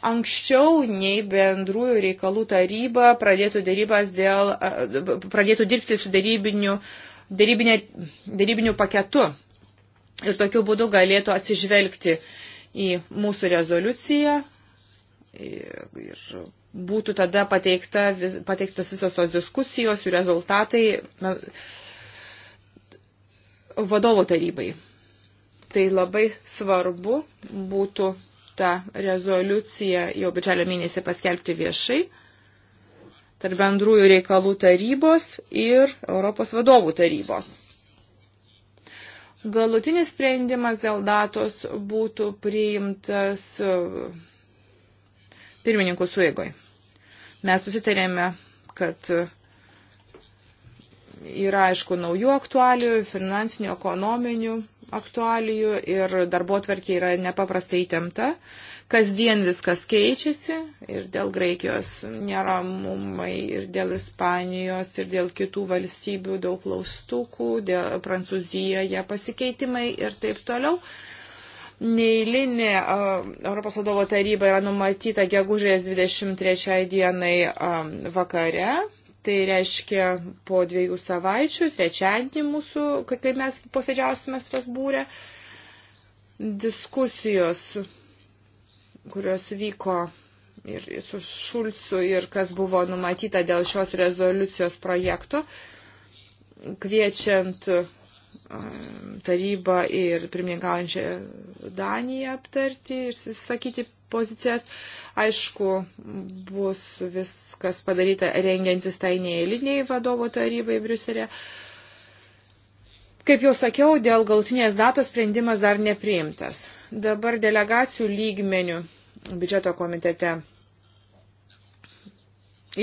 anksčiau nei bendrųjų reikalų taryba pradėtų, dėl, e, pradėtų dirbti su darybiniu, darybinė, darybiniu paketu. Ir tokiu būdu galėtų atsižvelgti į mūsų rezoliuciją ir būtų tada pateikta, vis, pateiktos visos tos diskusijos, jų rezultatai na, vadovo tarybai. Tai labai svarbu būtų tą rezoliuciją jau birželio mėnesį paskelbti viešai tarp bendrųjų reikalų tarybos ir Europos vadovų tarybos. Galutinis sprendimas dėl datos būtų priimtas pirmininkų suėgoj. Mes susitarėme, kad yra, aišku, naujų aktualijų, finansinių, ekonominių aktualijų ir darbo tvarkė yra nepaprastai įtempta. Kasdien viskas keičiasi ir dėl Graikijos neramumai, ir dėl Ispanijos, ir dėl kitų valstybių daug klaustukų, dėl Prancūzijoje pasikeitimai ir taip toliau. Uh, Neįlinė Europos vadovo taryba yra numatyta gegužės 23 dienai vakare. Tai reiškia po dviejų savaičių, trečiadienį mūsų, kai mes posėdžiausime Strasbūrė, diskusijos, kurios vyko ir su Šulcu ir kas buvo numatyta dėl šios rezoliucijos projekto, kviečiant taryba ir pirmininkaujančią Daniją aptarti ir sakyti pozicijas. Aišku, bus viskas padaryta rengiantis tai neįliniai vadovo tarybai Briuselė. Kaip jau sakiau, dėl galtinės datos sprendimas dar nepriimtas. Dabar delegacijų lygmenių biudžeto komitete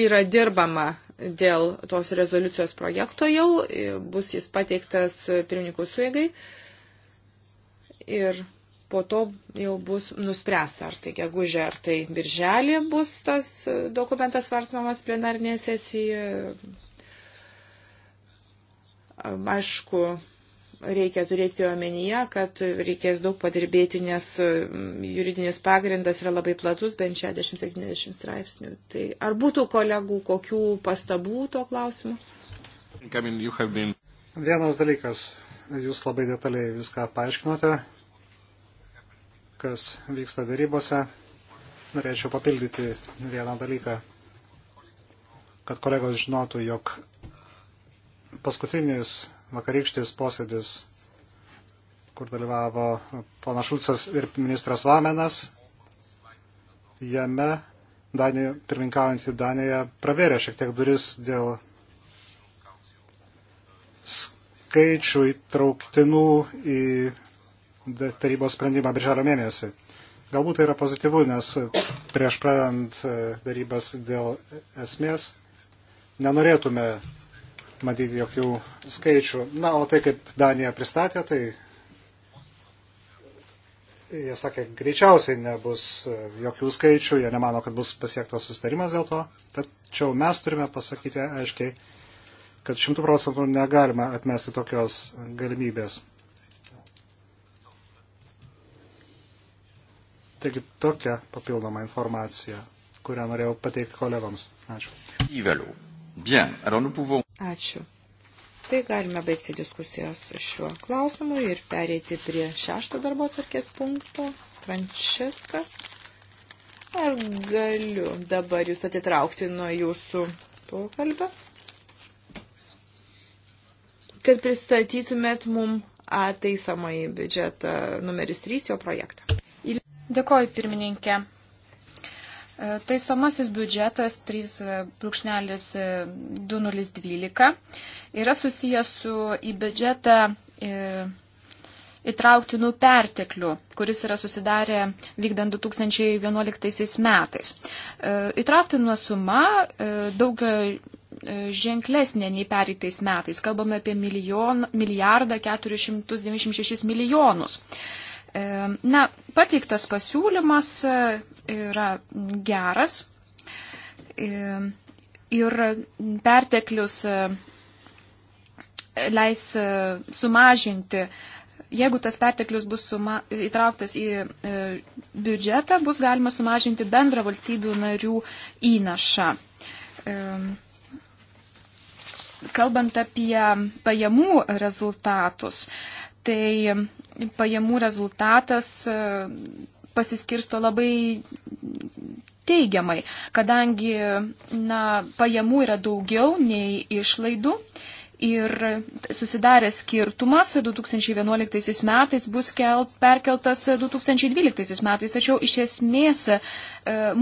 yra dirbama dėl tos rezoliucijos projekto jau, e, bus jis pateiktas pirmininkų suėgai ir po to jau bus nuspręsta, ar tai gegužė, ar tai birželį bus tas e, dokumentas svarstamas plenarnėje sesijoje. Aišku, reikia turėti omenyje, kad reikės daug padirbėti, nes mm, juridinis pagrindas yra labai platus, bent 60-70 straipsnių. Tai ar būtų kolegų kokių pastabų tuo klausimu? Vienas dalykas, jūs labai detaliai viską paaiškinote, kas vyksta darybose. Norėčiau papildyti vieną dalyką, kad kolegos žinotų, jog paskutinis vakarykštis posėdis, kur dalyvavo pana Šulcas ir ministras Vamenas, jame Danija, pirminkaujantį Daniją pravėrė šiek tiek duris dėl skaičių įtrauktinų į tarybos sprendimą birželio mėnesį. Galbūt tai yra pozityvu, nes prieš pradant e, darybas dėl esmės nenorėtume matyti jokių skaičių. Na, o tai kaip Danija pristatė, tai jie sakė, greičiausiai nebus jokių skaičių, jie nemano, kad bus pasiektas sustarimas dėl to. Tačiau mes turime pasakyti aiškiai, kad šimtų procentų negalima atmesti tokios galimybės. Taigi tokia papildoma informacija, kurią norėjau pateikti kolegoms. Ačiū. Įvėliau. Bien, alors nous pouvons... Ačiū. Tai galime baigti diskusijas šiuo klausimu ir pereiti prie šešto darbo atvarkės punkto. Frančiska, ar galiu dabar jūs atitraukti nuo jūsų pokalbio? Kad pristatytumėt mum ateisamąjį biudžetą numeris 3 jo projektą. Dėkoju, pirmininkė. E, taisomasis biudžetas 3.2012 e, e, yra susijęs su į biudžetą įtrauktinų perteklių, kuris yra susidarę vykdant 2011 metais. Įtrauktinų suma daug ženklesnė nei pereitais metais. Kalbame apie milijon, milijardą 496 milijonus. 000 000. E, na, pateiktas pasiūlymas e, yra geras e, ir perteklius leis sumažinti. Jeigu tas perteklius bus suma, įtrauktas į e, biudžetą, bus galima sumažinti bendrą valstybių narių įnašą. E, kalbant apie pajamų rezultatus, e, tai pajamų rezultatas e, pasiskirsto labai teigiamai, kadangi na, pajamų yra daugiau nei išlaidų Ir susidarė skirtumas 2011 metais bus kelt, perkeltas 2012 metais, tačiau iš esmės e,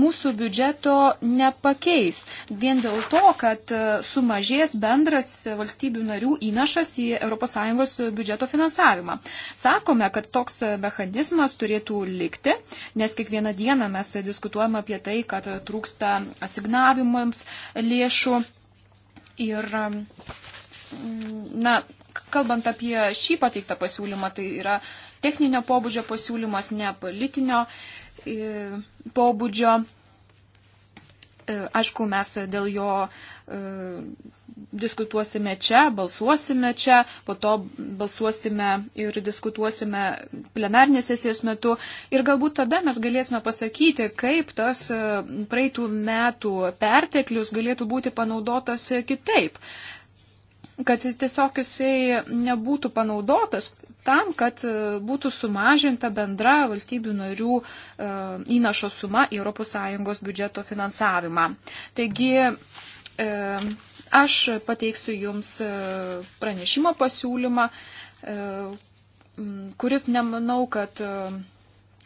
mūsų biudžeto nepakeis. Vien dėl to, kad e, sumažės bendras valstybių narių įnašas į ES biudžeto finansavimą. Sakome, kad toks mechanizmas turėtų likti, nes kiekvieną dieną mes diskutuojame apie tai, kad trūksta asignavimams lėšų. Ir na, kalbant apie šį pateiktą pasiūlymą, tai yra techninio pobūdžio pasiūlymas, ne politinio e, pobūdžio. E, aišku, mes dėl jo e, diskutuosime čia, balsuosime čia, po to balsuosime ir diskutuosime plenarnės sesijos metu. Ir galbūt tada mes galėsime pasakyti, kaip tas praeitų metų perteklius galėtų būti panaudotas kitaip kad tiesiog jisai nebūtų panaudotas tam, kad e, būtų sumažinta bendra valstybių narių e, įnašo suma į ES biudžeto finansavimą. Taigi, e, aš pateiksiu Jums pranešimo pasiūlymą, kuris nemanau, kad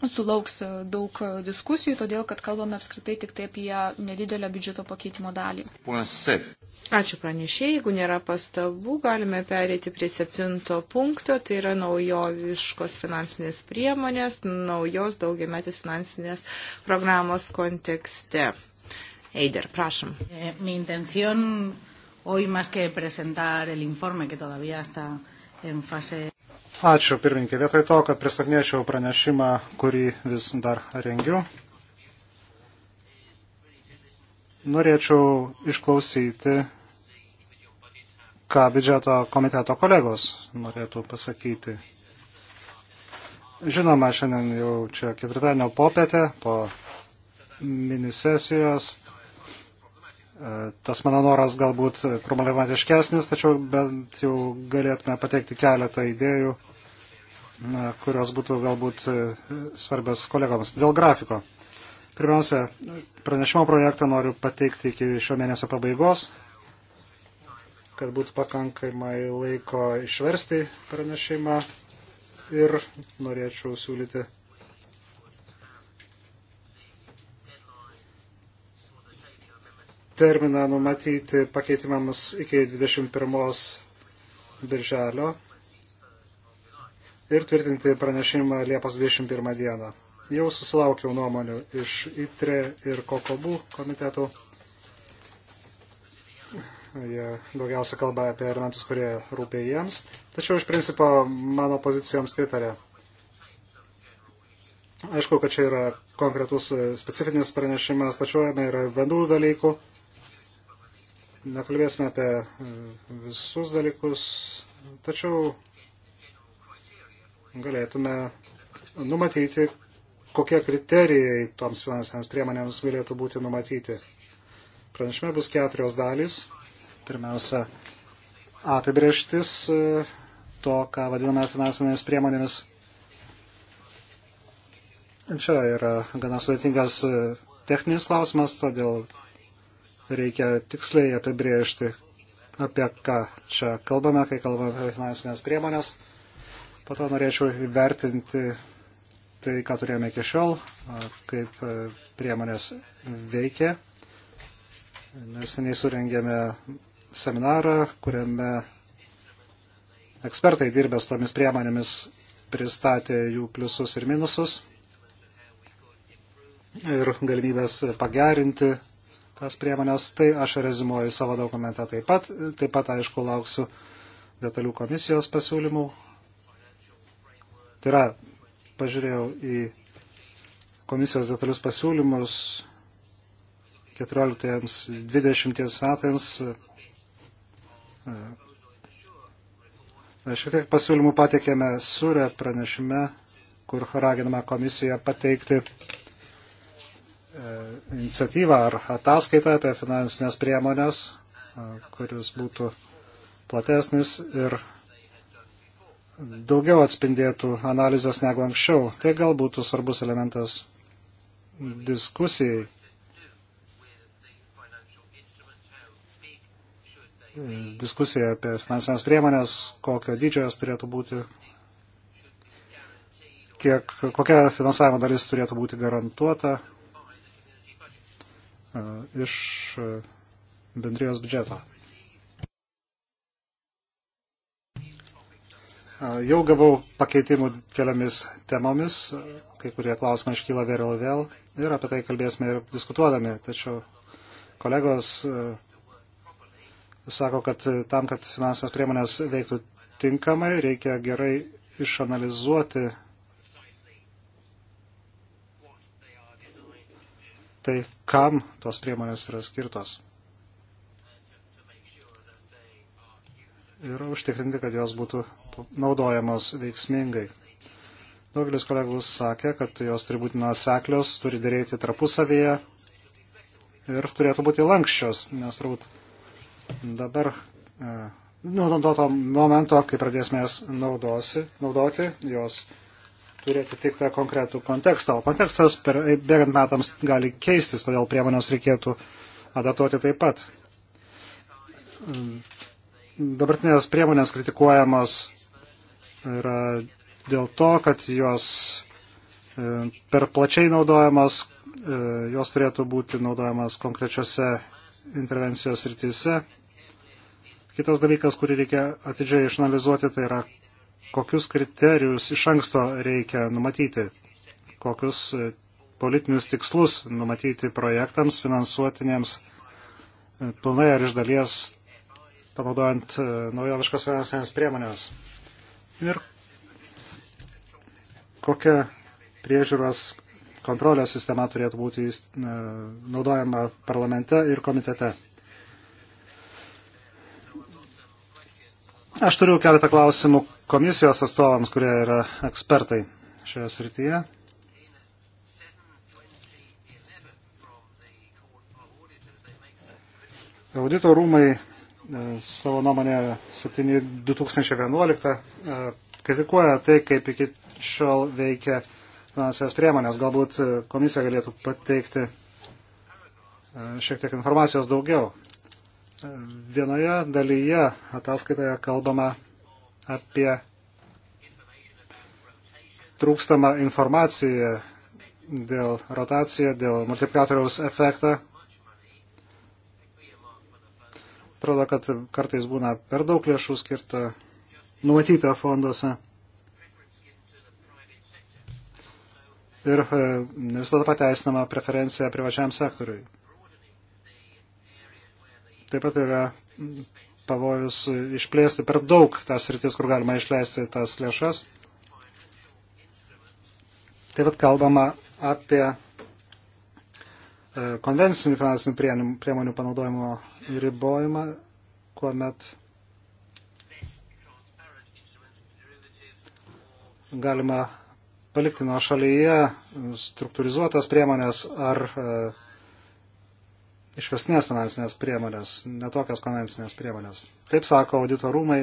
sulauks e, daug e, diskusijų, todėl kad kalbame apskritai tik tai apie nedidelę biudžeto pakeitimo dalį. Ačiū pranešėjai, jeigu nėra pastabų, galime perėti prie septinto punkto, tai yra naujoviškos finansinės priemonės, naujos daugiametės finansinės programos kontekste. Eider, prašom. Eh, mi intención hoy más que presentar el informe que todavía está en fase. Ačiū, pirmininkė. Vietoj to, kad pristatinėčiau pranešimą, kurį vis dar rengiu, norėčiau išklausyti, ką biudžeto komiteto kolegos norėtų pasakyti. Žinoma, šiandien jau čia ketvirtadienio popietė po minisesijos. E, tas mano noras galbūt problematiškesnis, tačiau bent jau galėtume pateikti keletą idėjų kurios būtų galbūt e, svarbios kolegoms. Dėl grafiko. Pirmiausia, pranešimo projektą noriu pateikti iki šio mėnesio pabaigos, kad būtų pakankamai laiko išversti pranešimą ir norėčiau siūlyti terminą numatyti pakeitimams iki 21 birželio ir tvirtinti pranešimą Liepos 21 dieną. Jau susilaukiau nuomonių iš ITRE ir KOKOBU komitetų. Jie daugiausia kalba apie elementus, kurie rūpė jiems. Tačiau iš principo mano pozicijoms pritarė. Aišku, kad čia yra konkretus e, specifinis pranešimas, tačiau jame yra bendrų dalykų. Nekalbėsime apie e, visus dalykus, tačiau galėtume numatyti, kokie kriterijai toms finansinėms priemonėms galėtų būti numatyti. Pranešime bus keturios dalys. Pirmiausia, apibrieštis e, to, ką vadiname finansinėmis priemonėmis. Čia yra gana sudėtingas e, techninis klausimas, todėl reikia tiksliai apibriežti, apie ką čia kalbame, kai kalbame apie finansinės priemonės. Po to norėčiau įvertinti tai, ką turėjome iki šiol, kaip priemonės veikia. Neseniai surengėme seminarą, kuriame ekspertai dirbę su tomis priemonėmis pristatė jų pliusus ir minusus ir galimybės pagerinti tas priemonės. Tai aš rezimuoju savo dokumente taip pat. Taip pat, aišku, lauksiu detalių komisijos pasiūlymų, Tai yra, pažiūrėjau į komisijos detalius pasiūlymus 14-20 metams. E, šiek tiek pasiūlymų patikėme surę pranešime, kur raginama komisija pateikti e, iniciatyvą ar ataskaitą apie finansinės priemonės, e, kuris būtų platesnis ir daugiau atspindėtų analizės negu anksčiau. Tai gal būtų svarbus elementas diskusijai. Diskusija apie finansinės priemonės, kokio dydžio jos turėtų būti, kiek, kokia finansavimo dalis turėtų būti garantuota e, iš e, bendrijos biudžeto. Jau gavau pakeitimų keliomis temomis, kai kurie klausimai iškyla vėliau vėl ir apie tai kalbėsime ir diskutuodami. Tačiau kolegos e, sako, kad tam, kad finansinės priemonės veiktų tinkamai, reikia gerai išanalizuoti tai, kam tos priemonės yra skirtos. ir užtikrinti, kad jos būtų naudojamos veiksmingai. Daugelis kolegų sakė, kad jos turi būti nuoseklios, turi dėrėti tarpusavėje ir turėtų būti lankščios, nes turbūt dabar, nu, nuo to momento, kai pradėsime jas naudosi, naudoti, jos turi atitikti konkretų kontekstą, o kontekstas per bėgant metams gali keistis, todėl priemonės reikėtų adaptuoti taip pat dabartinės priemonės kritikuojamos yra dėl to, kad jos e, per plačiai naudojamos, e, jos turėtų būti naudojamos konkrečiose intervencijos rytise. Kitas dalykas, kurį reikia atidžiai išanalizuoti, tai yra, kokius kriterijus iš anksto reikia numatyti, kokius e, politinius tikslus numatyti projektams finansuotinėms pilnai ar iš dalies panaudojant e, naujoviškas finansinės priemonės. Ir kokia priežiūros kontrolės sistema turėtų būti e, naudojama parlamente ir komitete. Aš turiu keletą klausimų komisijos atstovams, kurie yra ekspertai šioje srityje. Audito rūmai E, savo nuomonę 7.2011 e, kritikuoja tai, kaip iki šiol veikia finansės priemonės. Galbūt e, komisija galėtų pateikti šiek tiek informacijos daugiau. Vienoje dalyje ataskaitoje kalbama apie trūkstamą informaciją dėl rotaciją, dėl multiplikatoriaus efektą Atrodo, kad kartais būna per daug lėšų skirta numatyta fonduose. Ir e, ne visada pateisinama preferencija privačiam sektoriui. Taip pat yra pavojus išplėsti per daug tas rytis, kur galima išleisti tas lėšas. Taip pat kalbama apie E, konvencinių finansinių priemonių panaudojimo ribojimą, kuomet galima palikti nuo šalyje struktūrizuotas priemonės ar e, išvesnės finansinės priemonės, netokias konvencinės priemonės. Taip sako auditorumai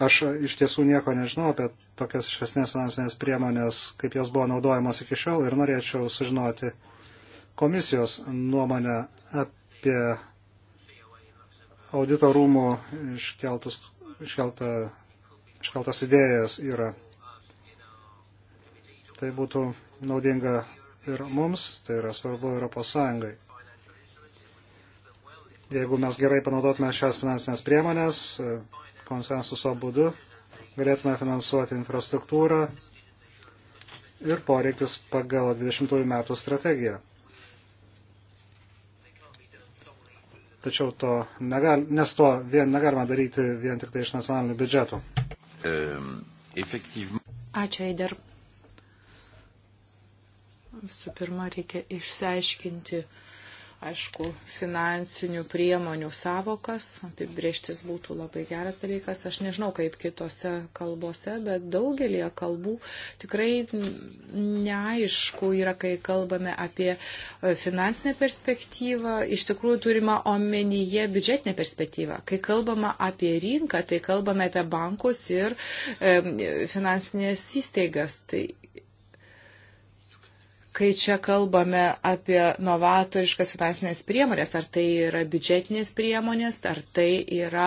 Aš iš tiesų nieko nežinau apie tokias išvesnės finansinės priemonės, kaip jos buvo naudojamos iki šiol ir norėčiau sužinoti komisijos nuomonę apie audito rūmų iškeltus, iškeltą, iškeltas idėjas yra. Tai būtų naudinga ir mums, tai yra svarbu Europos Sąjungai. Jeigu mes gerai panaudotume šias finansinės priemonės, konsensuso būdu galėtume finansuoti infrastruktūrą ir poreikius pagal 20 metų strategiją. Tačiau to negal, nes to vien negalima daryti vien tik tai iš nacionalinių biudžetų. Ačiū, Eider. Visų pirma, reikia išsiaiškinti, aišku, finansinių priemonių savokas, apibrieštis būtų labai geras dalykas. Aš nežinau, kaip kitose kalbose, bet daugelie kalbų tikrai neaišku yra, kai kalbame apie e, finansinę perspektyvą, iš tikrųjų turima omenyje biudžetinę perspektyvą. Kai kalbama apie rinką, tai kalbame apie bankus ir e, finansinės įsteigas. Tai kai čia kalbame apie novatoriškas finansinės priemonės, ar tai yra biudžetinės priemonės, ar tai yra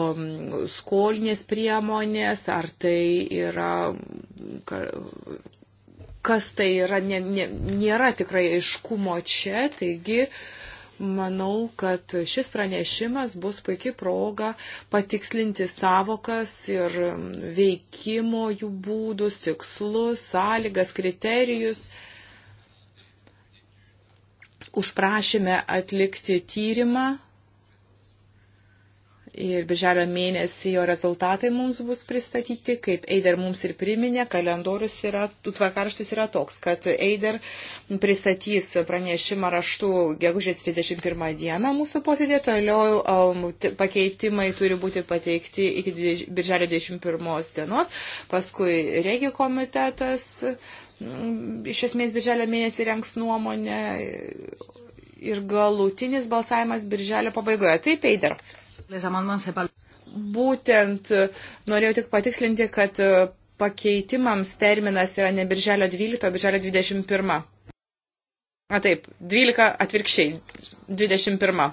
um, skolinės priemonės, ar tai yra. Kas tai yra, ne, ne, nėra tikrai aiškumo čia, taigi manau, kad šis pranešimas bus puikiai proga patikslinti savokas ir um, veikimo jų būdus, tikslus, sąlygas, kriterijus užprašėme atlikti tyrimą ir birželio mėnesį jo rezultatai mums bus pristatyti, kaip Eider mums ir priminė, kalendorius yra, tvarkarštis yra toks, kad Eider pristatys pranešimą raštu gegužės 31 dieną mūsų posėdė, toliau um, pakeitimai turi būti pateikti iki birželio 21 dienos, paskui regio komitetas iš esmės birželio mėnesį renks nuomonę ir galutinis balsavimas birželio pabaigoje. Taip, Eider. Būtent norėjau tik patikslinti, kad pakeitimams terminas yra ne birželio 12, o birželio 21. A taip, 12 atvirkščiai, 21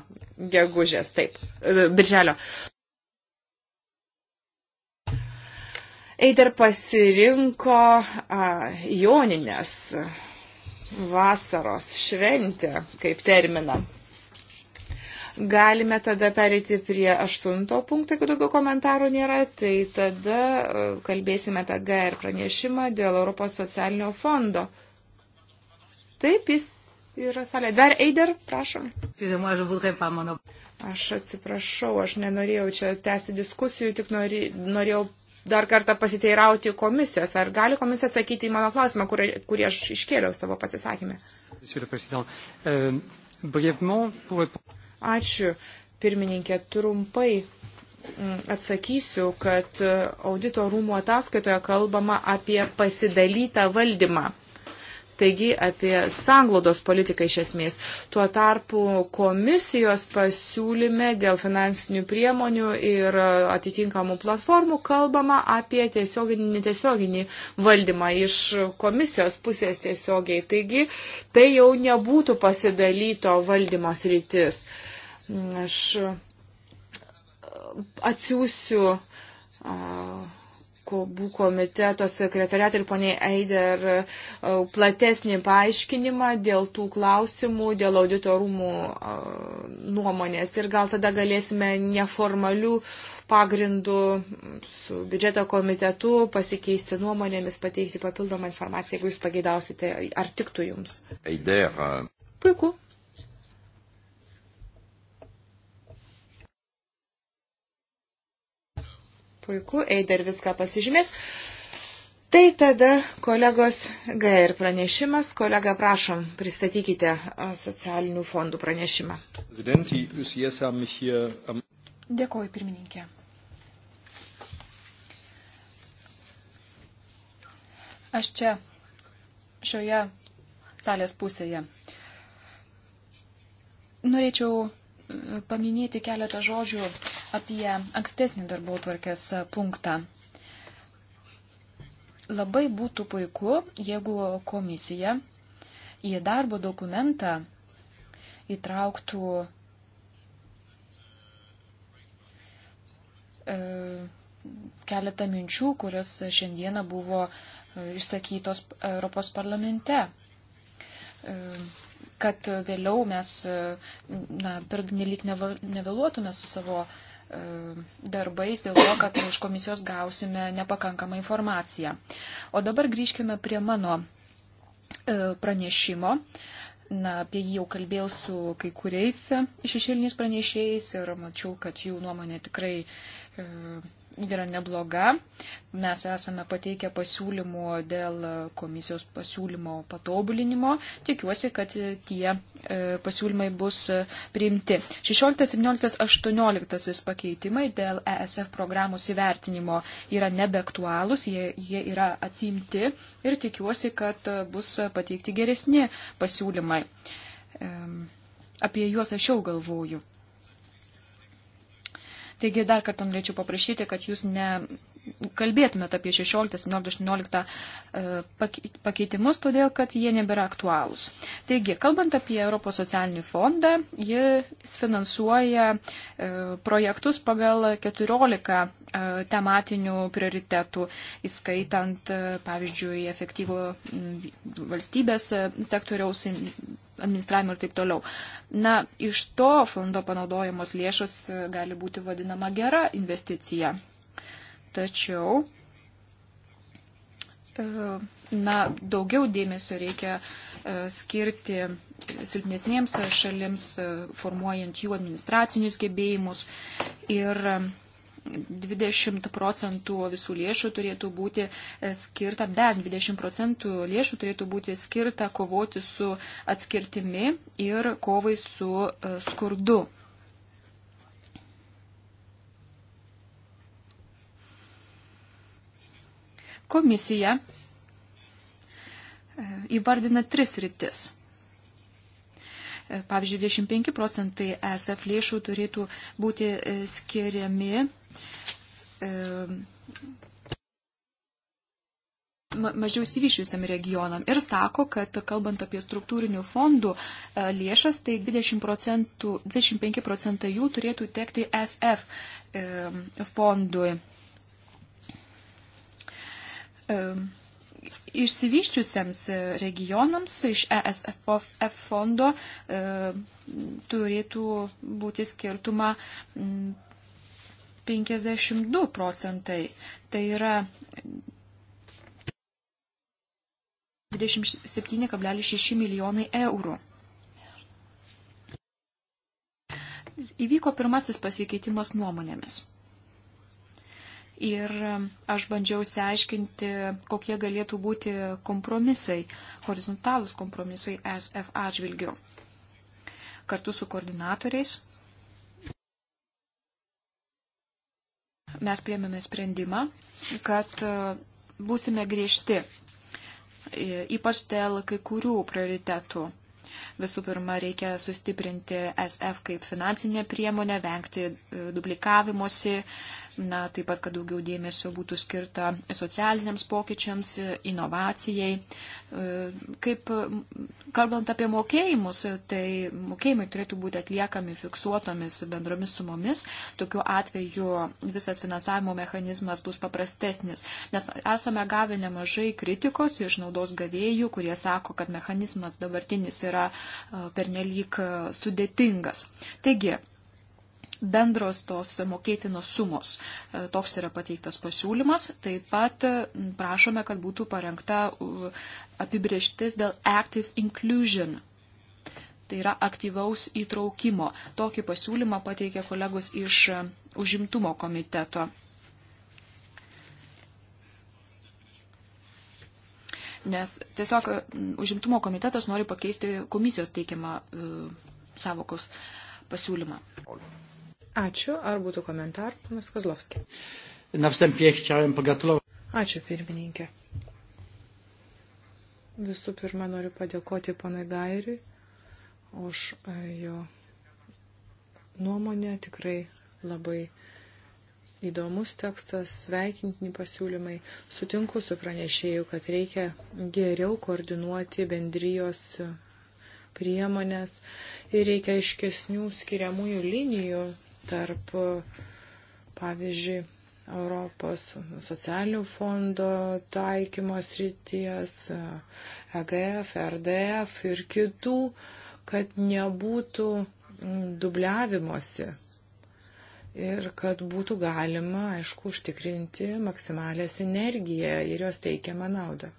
gegužės, taip, birželio. Eider pasirinko a, joninės vasaros šventę kaip terminą. Galime tada perėti prie aštunto punkto, jeigu daugiau komentarų nėra, tai tada kalbėsime apie GR pranešimą dėl Europos socialinio fondo. Taip, jis yra salė. Dar Eider, prašom. Aš atsiprašau, aš nenorėjau čia tęsti diskusijų, tik norėjau dar kartą pasiteirauti komisijos. Ar gali komisija atsakyti į mano klausimą, kurį, kurį aš iškėliau savo pasisakymę? Euh, Ačiū, pirmininkė, trumpai mm, atsakysiu, kad e, audito rūmų ataskaitoje kalbama apie pasidalytą valdymą. Taigi apie sanglodos politiką iš esmės. Tuo tarpu komisijos pasiūlyme dėl finansinių priemonių ir atitinkamų platformų kalbama apie tiesioginį, netiesioginį valdymą iš komisijos pusės tiesiogiai. Taigi tai jau nebūtų pasidalyto valdymo sritis. Aš atsiųsiu. Uh, skobų komiteto sekretariatui ir poniai Eider e, platesnį paaiškinimą dėl tų klausimų, dėl auditorumų e, nuomonės. Ir gal tada galėsime neformalių pagrindų su biudžeto komitetu pasikeisti nuomonėmis, pateikti papildomą informaciją, jeigu jūs pageidausite, ar tiktų jums. Eider. E. Puiku. Puiku, Eider viską pasižymės. Tai tada kolegos GR pranešimas. Kolega, prašom, pristatykite socialinių fondų pranešimą. Dėkuoju, pirmininkė. Aš čia, šioje salės pusėje, norėčiau e, paminėti keletą žodžių apie ankstesnį darbo tvarkės punktą. Labai būtų puiku, jeigu komisija į darbo dokumentą įtrauktų e, keletą minčių, kurios šiandieną buvo e, išsakytos Europos parlamente. E, kad vėliau mes na, per nelik nevėluotume su savo E, darbais dėl to, kad iš komisijos gausime nepakankamą informaciją. O dabar grįžkime prie mano e, pranešimo. Na, apie jį jau kalbėjau su kai kuriais šešėliniais pranešėjais ir mačiau, kad jų nuomonė tikrai e, yra nebloga. Mes esame pateikę pasiūlymų dėl komisijos pasiūlymo patobulinimo. Tikiuosi, kad tie e, pasiūlymai bus e, priimti. 16, 17, 18 pakeitimai dėl ESF programos įvertinimo yra nebeaktualūs, jie, jie yra atsimti ir tikiuosi, kad bus pateikti geresni pasiūlymai. Apie juos aš jau galvoju. Taigi dar kartą norėčiau paprašyti, kad jūs ne kalbėtumėt apie 16, 17, 18 pakeitimus, todėl kad jie nebėra aktualūs. Taigi, kalbant apie Europos socialinį fondą, jis finansuoja e, projektus pagal 14 e, tematinių prioritetų, įskaitant, e, pavyzdžiui, efektyvų valstybės sektoriaus administravimo ir taip toliau. Na, iš to fondo panaudojamos lėšos e, gali būti vadinama gera investicija. Tačiau, e, na, daugiau dėmesio reikia e, skirti silpnesniems šalims, formuojant jų administracinius gebėjimus ir 20 procentų visų lėšų turėtų būti e, skirta, bent 20 procentų lėšų turėtų būti skirta kovoti su atskirtimi ir kovai su e, skurdu. Komisija e, įvardina tris rytis. Pavyzdžiui, 25 procentai ESF lėšų turėtų būti skiriami mažiau įsivyšiusiam regionam ir sako, kad kalbant apie struktūrinių fondų e, lėšas, tai 20 procentų, 25 procentai jų turėtų tekti SF fondui. Išsivyščiusiems e, regionams iš ESF fondo e, turėtų būti skirtuma 52 procentai. Tai yra 27,6 milijonai eurų. Įvyko pirmasis pasikeitimas nuomonėmis. Ir aš bandžiau seaiškinti, kokie galėtų būti kompromisai, horizontalus kompromisai SF atžvilgiu. Kartu su koordinatoriais mes priemėme sprendimą, kad e, būsime griežti, e, ypač dėl kai kurių prioritetų. Visų pirma, reikia sustiprinti SF kaip finansinę priemonę, vengti e, duplikavimuose, na, taip pat, kad daugiau dėmesio būtų skirta socialiniams pokyčiams, inovacijai. E, kaip, kalbant apie mokėjimus, tai mokėjimai turėtų būti atliekami fiksuotomis bendromis sumomis. Tokiu atveju visas finansavimo mechanizmas bus paprastesnis, nes esame gavę nemažai kritikos iš naudos gavėjų, kurie sako, kad mechanizmas dabartinis yra e, pernelyg e, sudėtingas. Taigi, bendros tos mokėtinos sumos. E, toks yra pateiktas pasiūlymas. Taip pat e, prašome, kad būtų parengta apibrieštis dėl active inclusion. Tai yra aktyvaus įtraukimo. Tokį pasiūlymą pateikė kolegos iš e, užimtumo komiteto. Nes tiesiog užimtumo komitetas nori pakeisti komisijos teikiamą savokos pasiūlymą. All. Ačiū. Ar būtų komentarų, panas Kozlovski? Na wstępie chciałem pogratulować. Ačiū, pirmininkė. Visų pirma, noriu padėkoti ponui Gairiui už e, jo nuomonę. Tikrai labai įdomus tekstas, sveikintini pasiūlymai. Sutinku su pranešėju, kad reikia geriau koordinuoti bendrijos priemonės ir reikia aiškesnių skiriamųjų linijų tarp, pavyzdžiui, Europos socialinių fondo taikymo srities, EGF, RDF ir kitų, kad nebūtų dubliavimuose ir kad būtų galima, aišku, užtikrinti maksimalę sinergiją ir jos teikiamą naudą.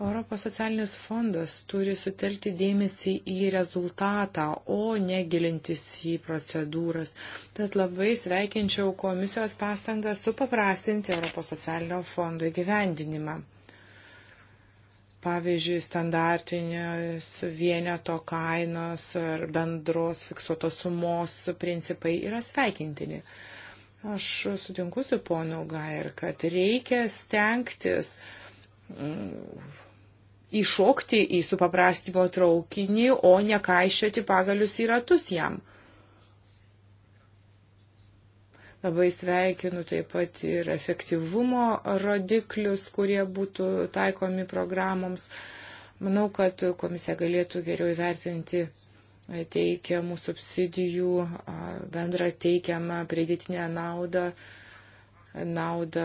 Europos socialinis fondas turi sutelkti dėmesį į rezultatą, o negilintis į procedūras. Tad labai sveikinčiau komisijos pastangą supaprastinti Europos socialinio fondo įgyvendinimą. Pavyzdžiui, standartinės vieneto kainos ar bendros fiksuotos sumos principai yra sveikintini. Aš sutinku su ponu Gair, kad reikia stengtis įšokti į supaprastimo traukinį, o nekaišioti pagalius į ratus jam. Labai sveikinu taip pat ir efektyvumo rodiklius, kurie būtų taikomi programoms. Manau, kad komisija galėtų geriau įvertinti teikiamų subsidijų, bendrą teikiamą pridėtinę naudą naudą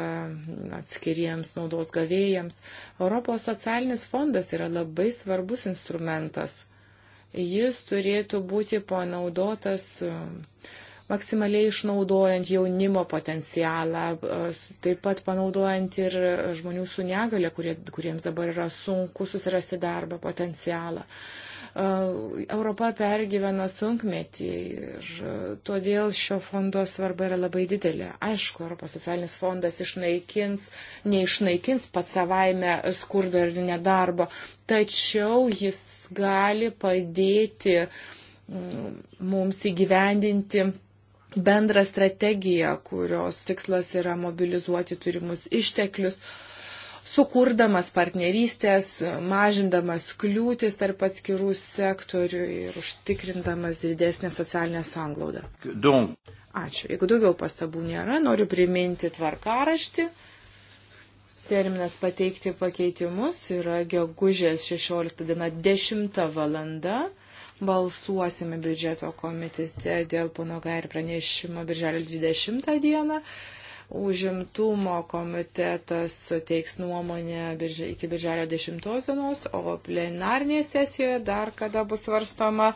atskiriems naudos gavėjams. Europos socialinis fondas yra labai svarbus instrumentas. Jis turėtų būti panaudotas e, maksimaliai išnaudojant jaunimo potencialą, e, taip pat panaudojant ir e, žmonių su negale, kurie, kuriems dabar yra sunku susirasti darbą potencialą. Uh, Europa pergyvena sunkmetį ir todėl šio fondo svarba yra labai didelė. Aišku, Europos socialinis fondas išnaikins, neišnaikins pats savaime skurdo ir nedarbo, tačiau jis gali padėti mums įgyvendinti bendrą strategiją, kurios tikslas yra mobilizuoti turimus išteklius, uh, sukurdamas partnerystės, mažindamas kliūtis tarp atskirų sektorių ir užtikrindamas didesnę socialinę sanglaudą. Ačiū. Jeigu daugiau pastabų nėra, noriu priminti tvarkaraštį. Terminas pateikti pakeitimus yra gegužės 16 diena 10 valanda balsuosime biudžeto komitete dėl pono Gair pranešimo birželio 20 dieną. Užimtumo komitetas teiks nuomonę iki birželio 10 dienos, o plenarnėje sesijoje dar kada bus svarstoma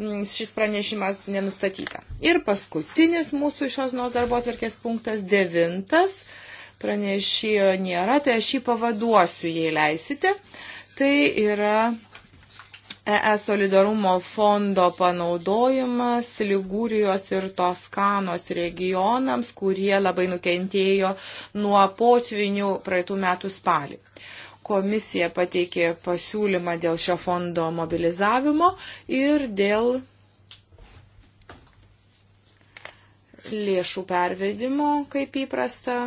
mm, šis pranešimas nenustatyta. Ir paskutinis mūsų šios dienos darbo atverkės punktas devintas. Pranešėjo nėra, tai aš jį pavaduosiu, jei leisite. Tai yra ES solidarumo fondo panaudojimas Ligūrijos ir Toskanos regionams, kurie labai nukentėjo nuo potvinių praeitų metų spalį. Komisija pateikė pasiūlymą dėl šio fondo mobilizavimo ir dėl lėšų pervedimo, kaip įprasta,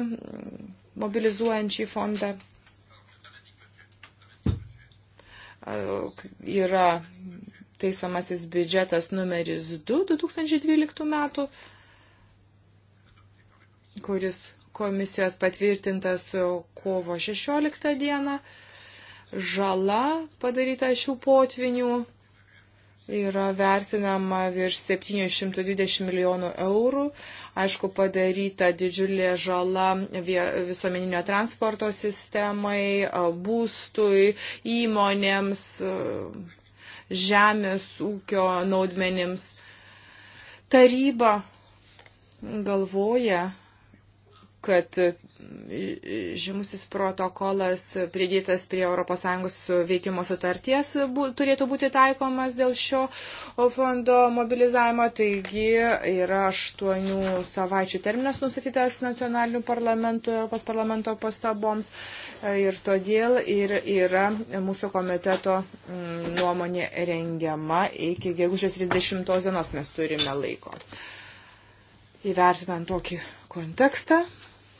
mobilizuojant šį fondą. yra taisomasis biudžetas numeris 2 2012 metų, kuris komisijos patvirtintas kovo 16 dieną. Žala padaryta šių potvinių yra vertinama virš 720 milijonų eurų. Aišku, padaryta didžiulė žala visuomeninio transporto sistemai, būstui, įmonėms, žemės ūkio naudmenims. Taryba galvoja, kad e, žymusis protokolas pridėtas prie ES veikimo sutarties bu, turėtų būti taikomas dėl šio fondo mobilizavimo. Taigi yra aštuonių savaičių terminas nustatytas nacionalinių parlamentų, Europos parlamento pastaboms e, ir todėl ir yra mūsų komiteto mm, nuomonė rengiama iki gegužės 30 dienos mes turime laiko. Įvertinant tokį kontekstą,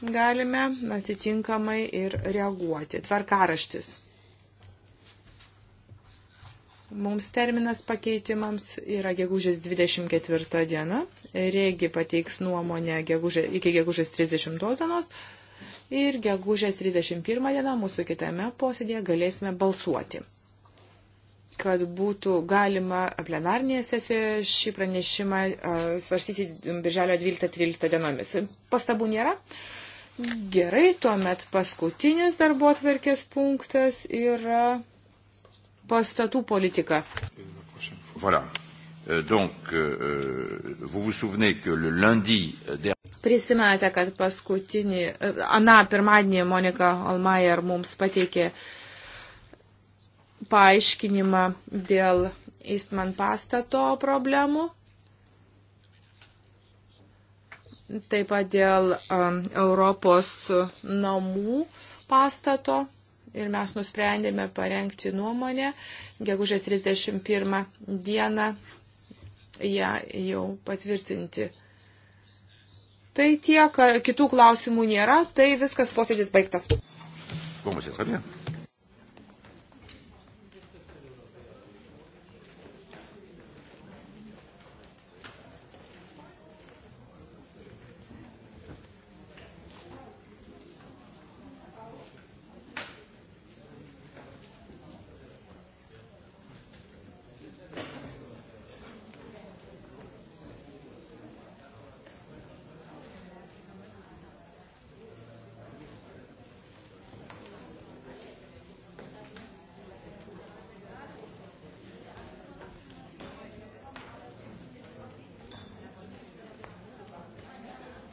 galime atitinkamai ir reaguoti. Tvarkaraštis. Mums terminas pakeitimams yra gegužės 24 diena, regi pateiks nuomonę gegužė, iki gegužės 30 dienos ir gegužės 31 dieną mūsų kitame posėdėje galėsime balsuoti kad būtų galima plenarnėje sesijoje šį pranešimą svarstyti birželio 12-13 dienomis. Pastabų nėra. Gerai, tuomet paskutinis darbo atverkės punktas yra pastatų politika. Voilà. Euh, donc, euh, euh, vous vous souvenez que le lundi Prisimenate, kad paskutinį, ana, pirmadienį Monika Almajer mums pateikė paaiškinimą dėl Eastman pastato problemų. taip pat dėl um, Europos namų pastato ir mes nusprendėme parengti nuomonę. Gegužės 31 dieną ją jau patvirtinti. Tai tiek, kitų klausimų nėra, tai viskas posėdis baigtas. Bon,